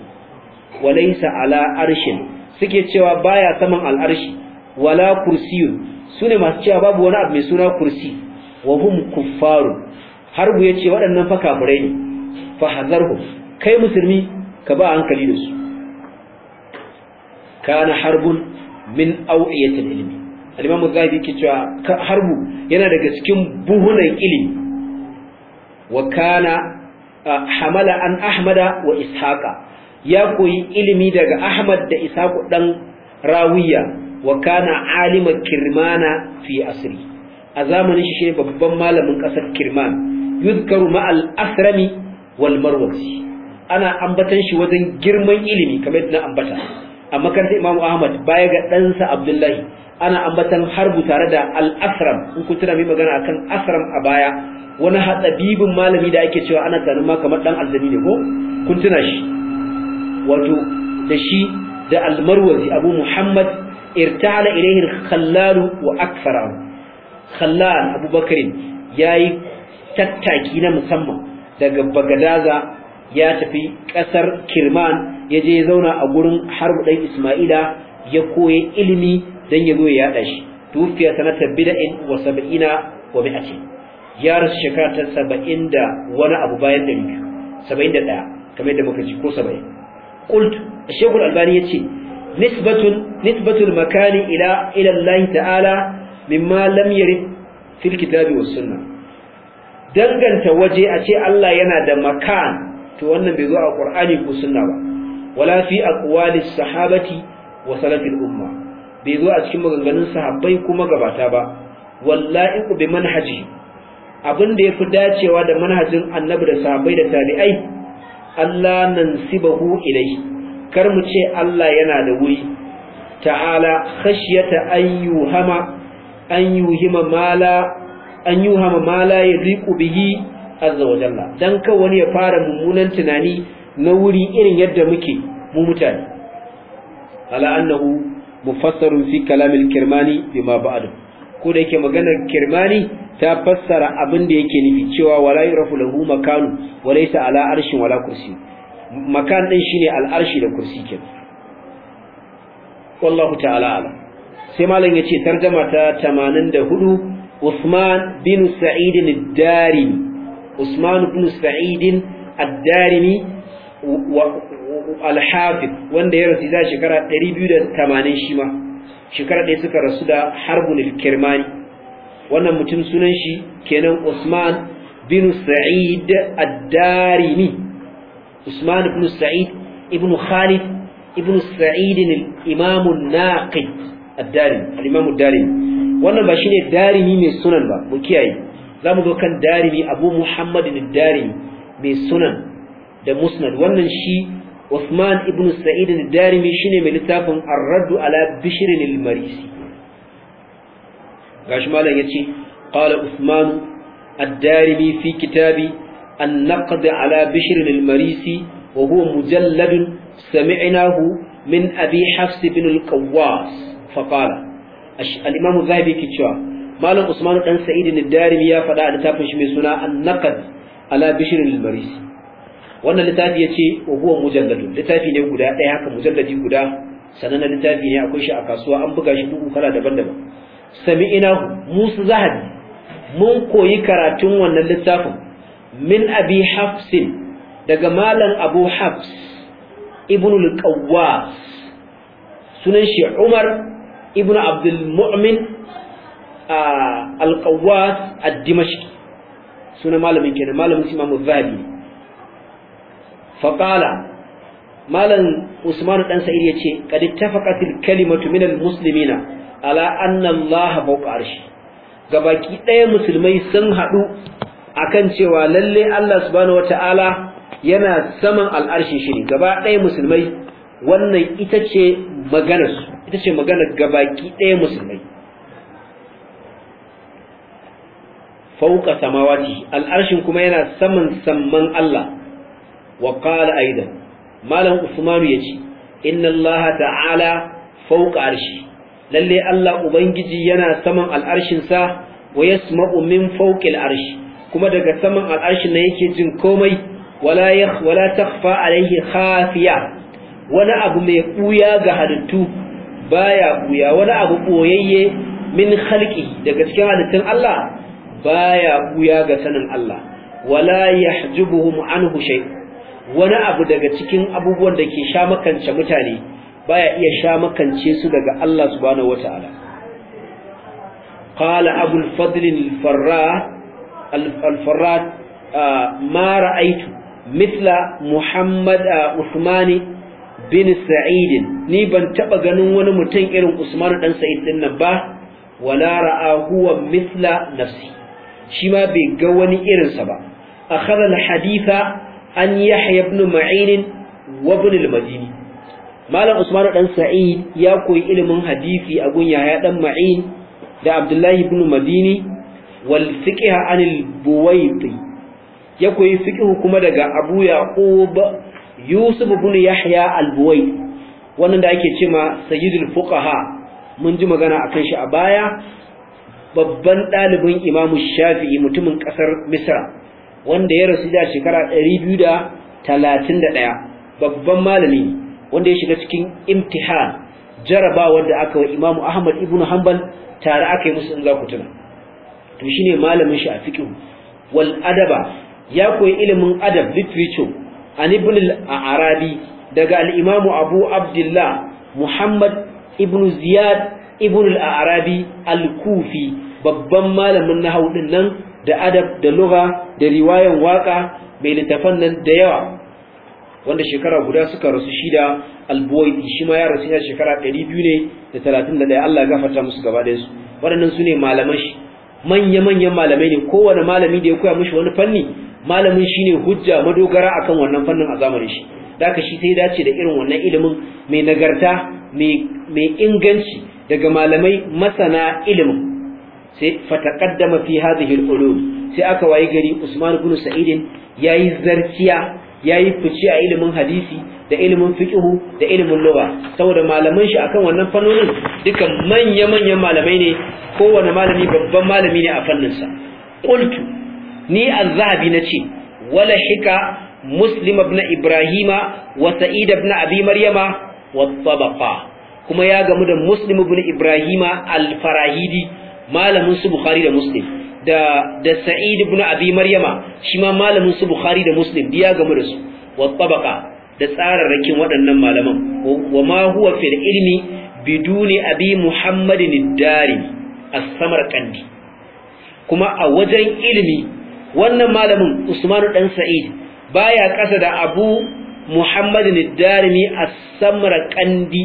walaysa ala arshin suke cewa baya saman al'arshi wala kursiyun su ne masu cewa babu wani abu mai suna kursi wa hum kuffarun har bu yace waɗannan fa kafirai ne fa hazarhu kai musulmi ka ba hankali da su kana harbun min awiyatil ilmi alimamu imamu ke cewa harbu yana daga cikin buhunan ilimi wa kana hamala an ahmada wa ishaqa ya koyi ilimi daga ahmad da ishaqu dan rawiya wa kana alima kirmana fi asri a zamanin shi babban malamin kasar kirman yuzkaru ma'al asrami wal marwazi ana ambatan shi wajen girman ilimi kamar na ambata a makarantar imamu ahmad baya ga ɗansa abdullahi ana ambatan harbu tare da al-asram in kun tuna mai magana akan asram a baya wani hatsabibin malami da ake cewa ana tsanin ma kamar dan aljami ne ko kun tuna shi wato da shi da al abu muhammad irtala ilayhi al wa akthara khallal abubakar yayi tattaki na musamman daga bagadaza ya tafi kasar kirman ya je ya zauna a gurin harbu dan isma'ila ya koya ilimi dan yazo ya yada shi tufiya sanata bid'in wa sab'ina wa mi'ati ya rasu shekara ta saba'in da wani abu bayan ɗari biyu da ɗaya kamar yadda muka ji ko saba'in kult shekul albani ya ce nisbatul makani ila ilallahi ta'ala mimma lam yarid fil kitabi was sunna danganta waje a ce Allah yana da makan to wannan bai zo a qur'ani ko sunna ba wala fi aqwalis sahabati wa salafil ummah bai zo a cikin maganganun sahabbai kuma gabata ba wallahi ku bi manhaji abin da yafi dacewa da manhajin annabi da sahabbai da tabi'ai Allah nan sibahu ilai kar mu ce Allah yana da wuri ta'ala khashyata ayyuhama an yuhima mala an yuhama mala yadiqu bihi azza wa jalla dan ka wani ya fara mummunan tunani na wuri irin yadda muke mu mutane ala annahu mufassarun fi kalamin kirmani bima ba'du ko da yake maganar kirmani ta fassara abin da yake nufi cewa wala yurafu lahu makanu walaysa ala arshin wala kursi makan din shine al arshi da kursi ke wallahu ta'ala ala sai malam yace tarjuma ta 84 Usman bin Sa'id ad-Darimi Usman bin Sa'id ad-Darimi al-hafiz wanda ya rasu da shekara ɗari biyu da tamanin shi ma shekara ɗaya suka rasu da harbun kirmani wannan mutum sunan shi kenan Usman bin Sa'id ad-Darimi Usman bin Sa'id ibn Khalid ibn Sa'id al-Imam an-Naqid ad-Darimi al-Imam ad-Darimi wannan ba shine Darimi mai sunan ba mu kiyaye zamu zo kan Darimi Abu Muhammad ad-Darimi mai sunan da Musnad wannan shi Usman ibn Sa'id al-Darimi shine mai littafin Ar-Radd ala Bishr al-Marisi gashi malam yace qala Usman ad-Darimi fi kitabi an-naqd ala Bishr al-Marisi wa huwa mujallad sami'nahu min Abi Hafs ibn al-Qawwas fa qala al-Imam Zahabi kicewa malam Usman dan Sa'id al-Darimi ya faɗa a littafin shi mai suna An-Naqd ala Bishr al-Marisi wannan littafi ce ubuwa mujalladu littafi ne guda ɗaya haka mujalladi guda sanan littafi ne akwai shi a kasuwa an buga shi bugu kala daban-daban ina musu zahabi mun koyi karatun wannan littafin min abi hafsin daga malam abu hafs ibnul qawwas sunan shi umar ibn abdul mu'min al-qawwas ad-dimashqi sunan malamin kenan malamin imam zahabi faƙala malam usmanu ɗan sa'id ya ce kad tafaqatil kalimatu minal muslimina ala anna allah fawqa arshi gabaki ɗaya musulmai sun haɗu akan cewa lalle allah subhanahu wataala yana saman al'arshi shi ne gaba ɗaya musulmai wannan ita ce maganar ita ce maganar gabaki ɗaya musulmai fauka samawati al'arshin kuma yana saman samman Allah wa qala aidan malam usmanu yace inna allah ta'ala fawqa arshi lalle allah ubangiji yana saman al'arshin sa wa yasma'u min arshi kuma daga saman al'arshin na yake jin komai wala yakh wala takhfa alayhi wani abu mai buya ga halittu baya buya wani abu boyayye min khalqi daga cikin halittun Allah baya buya ga sanin Allah wala yahjubuhum an shay wani abu daga cikin abubuwan da ke sha makance mutane baya iya sha makance su daga Allah subhanahu wataala qala abul fadl al-farra al-farrat uh, ma ra'aytu mithla muhammad usmani uh, bin sa'id ni ban taba ganin wani mutum irin usman dan sa'id din nan ba wala ra'a huwa mithla nafsi shi ma bai ga wani irinsa ba A al-haditha an yahya ibn ma'in wa ibn al-madini malam usman dan sa'id ya koyi ilimin hadisi a gun yahya dan ma'in da abdullahi ibn madini wal fiqh an al-buwaiti ya koyi fiqh kuma daga abu yaqub yusuf ibn yahya al-buwaiti wannan da ake cewa sayyidul fuqaha mun ji magana akan shi a baya babban ɗalibin imamu shafi'i mutumin ƙasar misra wanda ya rasu da shekara 231 babban malami wanda ya shiga cikin imtihan jaraba wanda aka wa Imam Ahmad ibn Hanbal tare aka yi musu in za ku to shine malamin shi a fiqh wal adaba ya koyi ilimin adab literature an ibn al-arabi daga al-imam abu abdullah muhammad ibn ziyad ibn al-arabi al-kufi babban malamin nahwu din nan da adab da lugha da riwayan waka mai littafan nan da yawa wanda shekara guda suka rasu shida albuwaidi shi ma ya rasu ya shekara 200 ne da 31 Allah ya gafarta musu gaba da su waɗannan su ne malaman shi manya-manyan malamai ne kowane malami da ya koya mishi wani fanni malamin shi ne hujja madogara akan wannan fannin a zamanin shi daka shi sai dace da irin wannan ilimin mai nagarta mai inganci daga malamai masana ilimin sai fataqaddama fi hadhihi al-ulum sai aka wayi gari Usman ibn Sa'id yayi zarkiya yayi fice a ilimin hadisi da ilimin fiqhu da ilimin lugha saboda malaman shi akan wannan fannonin duka manya manyan malamai ne kowane malami babban malami ne a fannin sa qultu ni az-zahabi nace wala hika muslim ibn ibrahima wa sa'id ibn abi maryama wa tabaqa kuma ya gamu da muslim ibn ibrahima al-farahidi malamin su bukhari da muslim da da sa'id ibn abi maryama shi ma malamin su bukhari da muslim biya game da su wa tabaqa da tsararrakin waɗannan malaman wa ma huwa fil ilmi biduni abi muhammadin dari as-samarqandi kuma a wajen ilimi wannan malamin usman dan sa'id baya kasa da abu muhammadin darimi as-samarqandi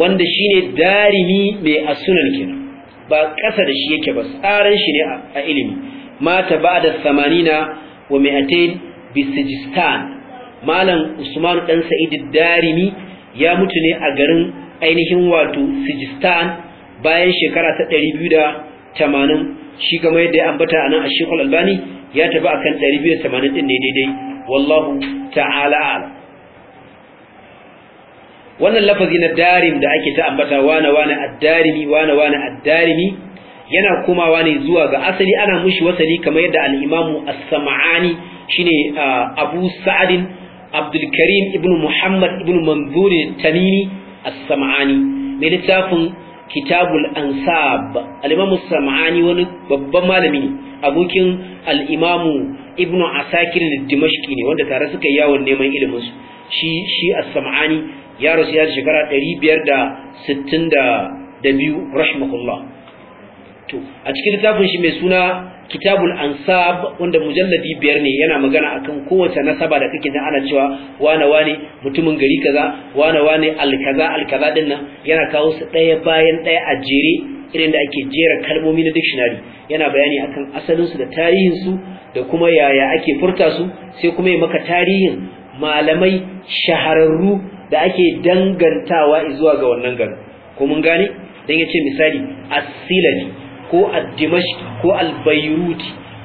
wanda shine darimi mai asunan kenan ba ƙasa da shi yake ba tsarin shi ne a ilimi mata ba da samanina wa mi'atain bisijistan malam usman dan sa'id darimi ya mutu ne a garin ainihin wato sijistan bayan shekara ta 280 shi kamar yadda ya ambata anan a shekul albani ya tafi akan 280 din ne daidai wallahu ta'ala a'lam wannan lafazi na darim da ake ta ambata wana wana addarimi wana wana yana komawa ne zuwa ga asali ana mushi wasali kamar yadda al-imamu as samaani shine abu sa'adin abdul karim ibn muhammad ibn manzur tamimi as samaani mai littafin kitabul ansab al-imamu as samaani wani babban malami ne abokin al-imamu ibn asakir al-dimashqi ne wanda tare suka yawon neman ilimin shi shi as-sam'ani ya rasu ya shekara 562 rahimahullah to a cikin littafin shi mai suna kitabul ansab wanda mujalladi biyar ne yana magana akan kowace nasaba da kake da ana cewa wane wane mutumin gari kaza wane wane alkaza alkaza din nan yana kawo su ɗaya bayan ɗaya a jere irin da ake jera kalmomi na dictionary yana bayani akan asalin su da tarihin su da kuma yaya ake furta su sai kuma ya maka tarihin malamai shahararru da ake dangantawa zuwa ga wannan gari. ko mun gane dan yace misali as ko ad-dimashq ko al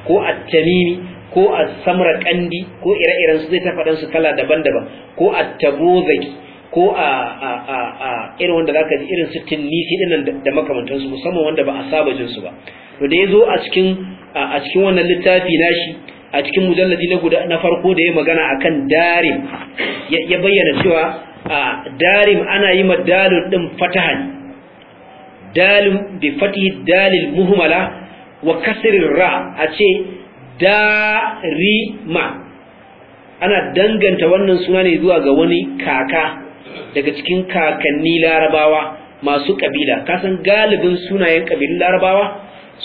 ko at-tamimi ko as-samarqandi ko ire-iren su zai ta fadan su kala daban-daban ko at-tabuzaki ko a a a irin wanda zaka ji irin su tinnisi dinnan da makamantan su musamman wanda ba a saba jin su ba to da yazo a cikin a cikin wannan littafi nashi a cikin mujalladi na guda na farko da ya magana akan darim ya bayyana cewa a darim ana yi ma dalil din fatahan Dalil bi fatih dalil muhmala wa kasr ra a ce darima ana danganta wannan suna ne zuwa ga wani kaka daga cikin kakanni larabawa masu kabila san galibin sunayen kabilun larabawa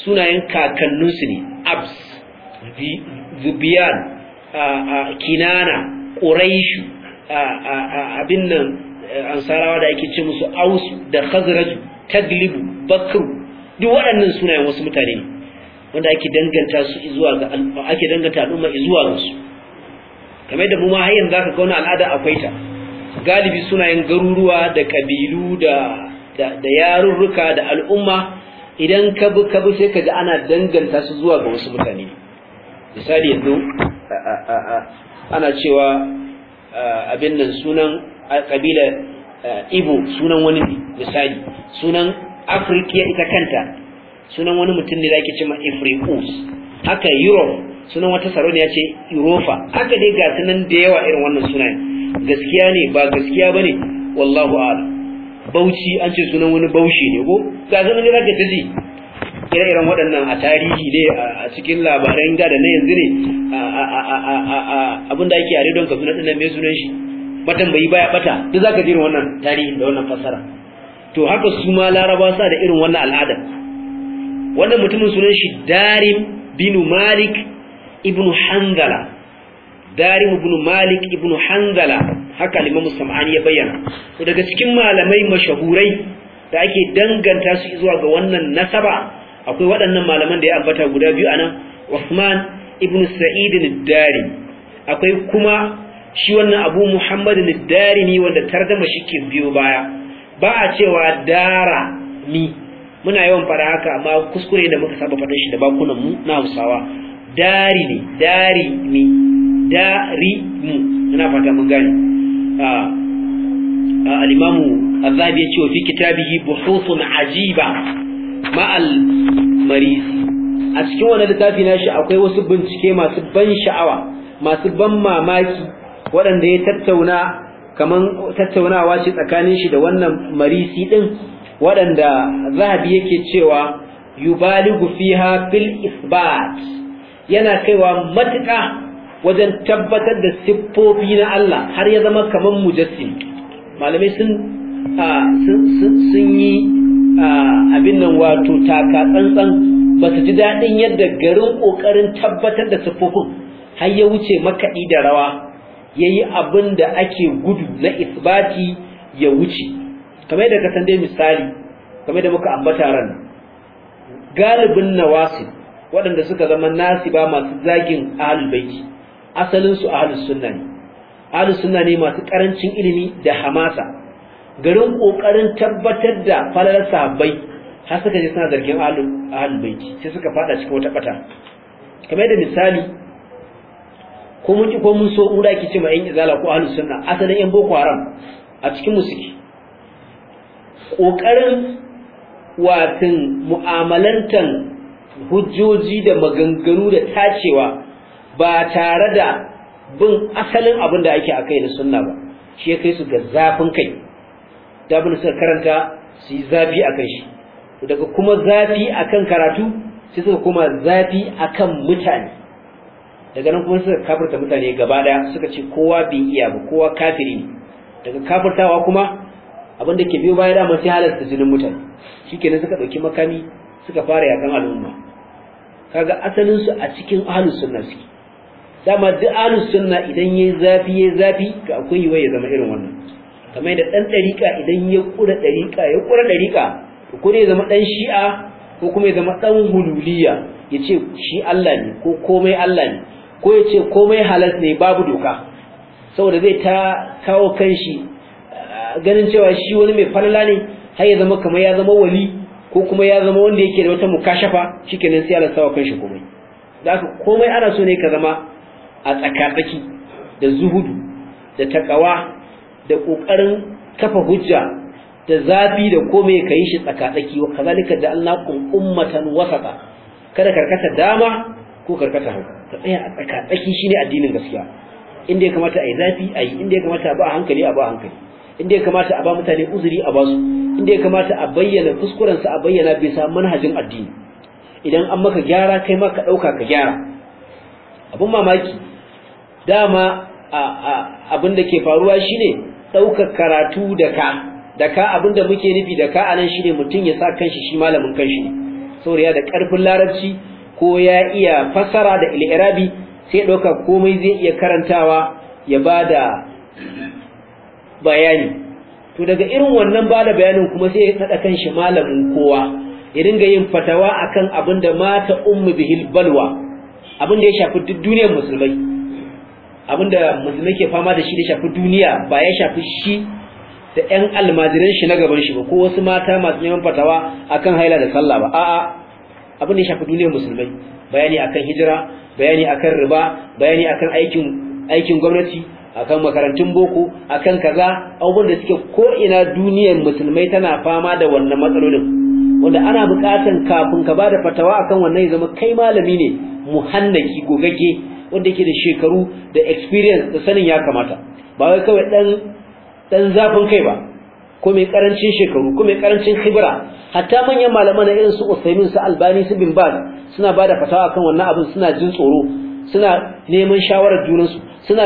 sunayen kakanninsu ne abs zubiyan kinana ƙuraishu abin nan eh, ansarawa da ake ce musu ausu da khazraju taglibu bakru duk waɗannan sunayen wasu mutane ne wanda ake danganta su zuwa ga ake danganta al'umma zuwa ga su kamar yadda mu ma har yanzu zaka ga wani al'ada akwai ta galibi sunayen garuruwa da kabilu da da yarurruka da al'umma idan ka bi ka bi sai ka ga ana danganta su zuwa ga wasu mutane misali yanzu ana cewa abin nan sunan kabila ibo sunan wani misali sunan afirkiya ita kanta sunan wani mutum ne da ake cewa ifrikus haka europe sunan wata sarauniya ce europa haka dai ga sunan da yawa irin wannan sunan gaskiya ne ba gaskiya bane wallahu a'lam bauchi an ce sunan wani bauchi ne ko ga sunan ne zaka ji ire-iren waɗannan a tarihi ne a cikin labaran da na yanzu ne abinda ake a redon kafin na mai sunan shi batan bai baya bata duk za ka jirin wannan tarihin da wannan fassara to haka su ma laraba sa da irin wannan al'ada wannan mutumin sunan shi darim Bin malik Ibn hanzala darim Bin malik Ibn hanzala haka limamu sam'ani ya bayyana to daga cikin malamai mashahurai da ake danganta su zuwa ga wannan nasaba akwai waɗannan malaman da ya ambata guda biyu anan Usman ibn Sa'id Nidari. dari akwai kuma shi wannan Abu Muhammad Nidari ni wanda tarjuma shi ke biyo baya ba a cewa dara ni muna yawan fara haka amma kuskure da muka saba faɗin shi da bakunan mu na Hausawa dari ne dari ni dari mu ina fata mun gane al-Imam Az-Zahabi ya ce wa fi kitabihi buhusun ajiba ma'al marisi a cikin wani littafi nashi akwai wasu bincike masu ban sha'awa masu ban mamaki waɗanda ya tattauna kaman tattaunawa ce tsakanin shi da wannan marisi ɗin, waɗanda zahabi yake cewa yubaligu fiha fil isbat yana kaiwa matuƙa wajen tabbatar da siffofi na Allah har ya zama kaman mujassim malamai ah, sun sun yi abin nan wato taka tsantsan ba su ji daɗin yadda garin ƙoƙarin tabbatar da siffofin har ya wuce makaɗi da rawa ya yi abin da ake gudu na isbati ya wuce kamar yadda ka dai misali kamar yadda muka ambata ran galibin nawasi waɗanda suka zama nasi ba masu zagin ahlul baici, asalinsu su sunna ne ahlus sunna ne masu ƙarancin ilimi da hamasa garin kokarin tabbatar da falalar sahabbai har suka je suna zargin ahlul baiti sai suka fada cikin wata bata kamar da misali ko mun ko mun so in ce ma yan izala ko ahlus sunna asalin yan boko haram a cikin musiki kokarin watin mu'amalantan hujjoji da maganganu da tacewa ba tare da bin asalin abin da ake a kai na sunna ba shi ya kai su ga zafin kai da abin suka karanta su yi zafi a kan shi daga kuma zafi a kan karatu sai suka koma zafi a kan mutane daga nan kuma suka kafirta mutane gaba daya suka ce kowa bai iya ba kowa kafiri ne daga kafirtawa kuma abin da ke biyo baya damar sai halarta jinin mutane kenan suka dauki makami suka fara yakan al'umma kaga asalin su a cikin ahlus sunna suke dama duk ahlus sunna idan yayi zafi yayi zafi ga akwai yiwuwa ya zama irin wannan kamar da ɗan ɗariƙa idan ya ƙura ɗariƙa ya ƙura ɗariƙa to ko ne zama ɗan shi'a ko kuma ya zama ɗan hululiya ya ce shi Allah ne ko komai Allah ne ko ya ce komai halas ne babu doka saboda zai ta kawo kanshi ganin cewa shi wani mai falala ne har ya zama kamar ya zama wali ko kuma ya zama wanda yake da wata mukashafa shikenan sai Allah sawa kanshi komai da komai ana so ne ka zama a tsakatsaki da zuhudu da takawa da kokarin kafa hujja da zafi da kome ka yi shi tsakatsaki wa kazalika da Allah kun ummatan wasata kada karkata dama ko karkata hau ka tsaya a tsakatsaki shine addinin gaskiya inda ya kamata a yi zafi a yi inda ya kamata a ba hankali a ba hankali inda ya kamata a ba mutane uzuri a basu inda ya kamata a bayyana kuskurensa a bayyana bisa manhajin addini idan an maka gyara kai ma ka ɗauka ka gyara abin mamaki dama abin da ke faruwa shine ɗaukar karatu da ka da ka abin muke nufi da ka anan shine mutum ya sa kanshi shi malamin kanshi ne ya da karfin larabci ko ya iya fassara da il'irabi sai ɗauka komai zai iya karantawa ya ba da bayani to daga irin wannan bada da bayanin kuma sai ya naɗa kanshi malamin kowa ya dinga yin fatawa akan abinda da mata ummu bihil balwa abinda ya shafi duk duniyar musulmai abinda musulmi ke fama da shi da shafi duniya ba ya shafi shi da 'yan almajiran shi na gaban shi ba ko wasu mata masu neman fatawa akan haila da sallah ba a'a abin da ya shafi duniyar musulmai bayani akan hijira bayani akan riba bayani akan aikin aikin gwamnati akan makarantun boko akan kaza abubuwan da suke ko ina duniyar musulmai tana fama da wannan matsalolin wanda ana buƙatan kafin ka ba da fatawa akan wannan ya zama kai malami ne muhannaki gogagge wanda yake da shekaru da experience da sanin ya kamata ba wai kawai dan dan zafin kai ba ko mai karancin shekaru ko mai karancin khibra hatta manyan malaman na irin su Usaimin su Albani su Bin Baz suna bada fatawa kan wannan abin suna jin tsoro suna neman shawarar junan su suna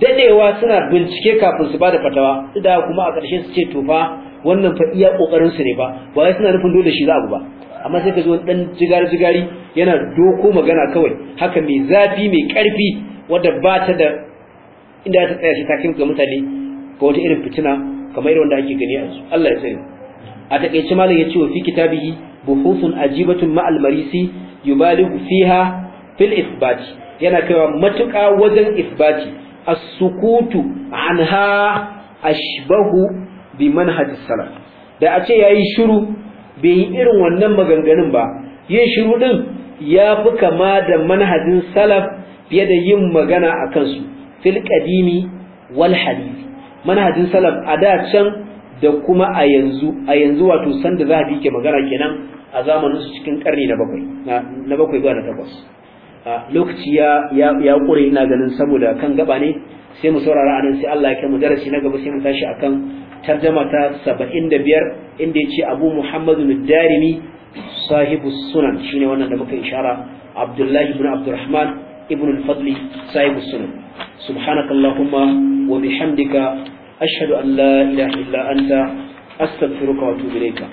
dadewa suna bincike kafin su bada fatawa idan kuma a ƙarshe su ce to fa wannan fa iya kokarin su ne ba ba wai suna nufin dole shi za a ba amma sai ka zo wani dan jigar jigari yana doko magana kawai haka mai zafi mai karfi wanda ba ta da inda ta tsaya shi ta kimka mutane ko wata irin fitina kamar irin wanda ake gani a su Allah ya tsare a takeice malam ya ce wa fi kitabihi buhusun ajibatun ma almarisi yubalighu fiha fil isbati yana kaiwa matuƙa wajen isbati as-sukutu anha ashbahu bi manhaj salaf da a ce yayi shiru bai yi irin wannan maganganun ba yin shiru din ya fi kama da manhajin salaf fiye da yin magana a kansu fil qadimi wal hadisi manhajin salaf a da can da kuma a yanzu a yanzu wato sanda za a fi ke magana kenan a zamanin su cikin karni na bakwai na bakwai zuwa na takwas lokaci ya ya kure ina ganin saboda kan gaba ne sai mu saurara anan sai Allah ya kai mu darasi na gaba sai mu tashi akan tarjama ta 75 inda yace Abu Muhammad ad-Darimi sahibu sunan shine wannan da muka ishara Abdullahi ibn Abdurrahman ibn al-Fadl sahibu sunan subhanakallahumma wa bihamdika ashhadu an la ilaha illa anta astaghfiruka wa atubu ilayka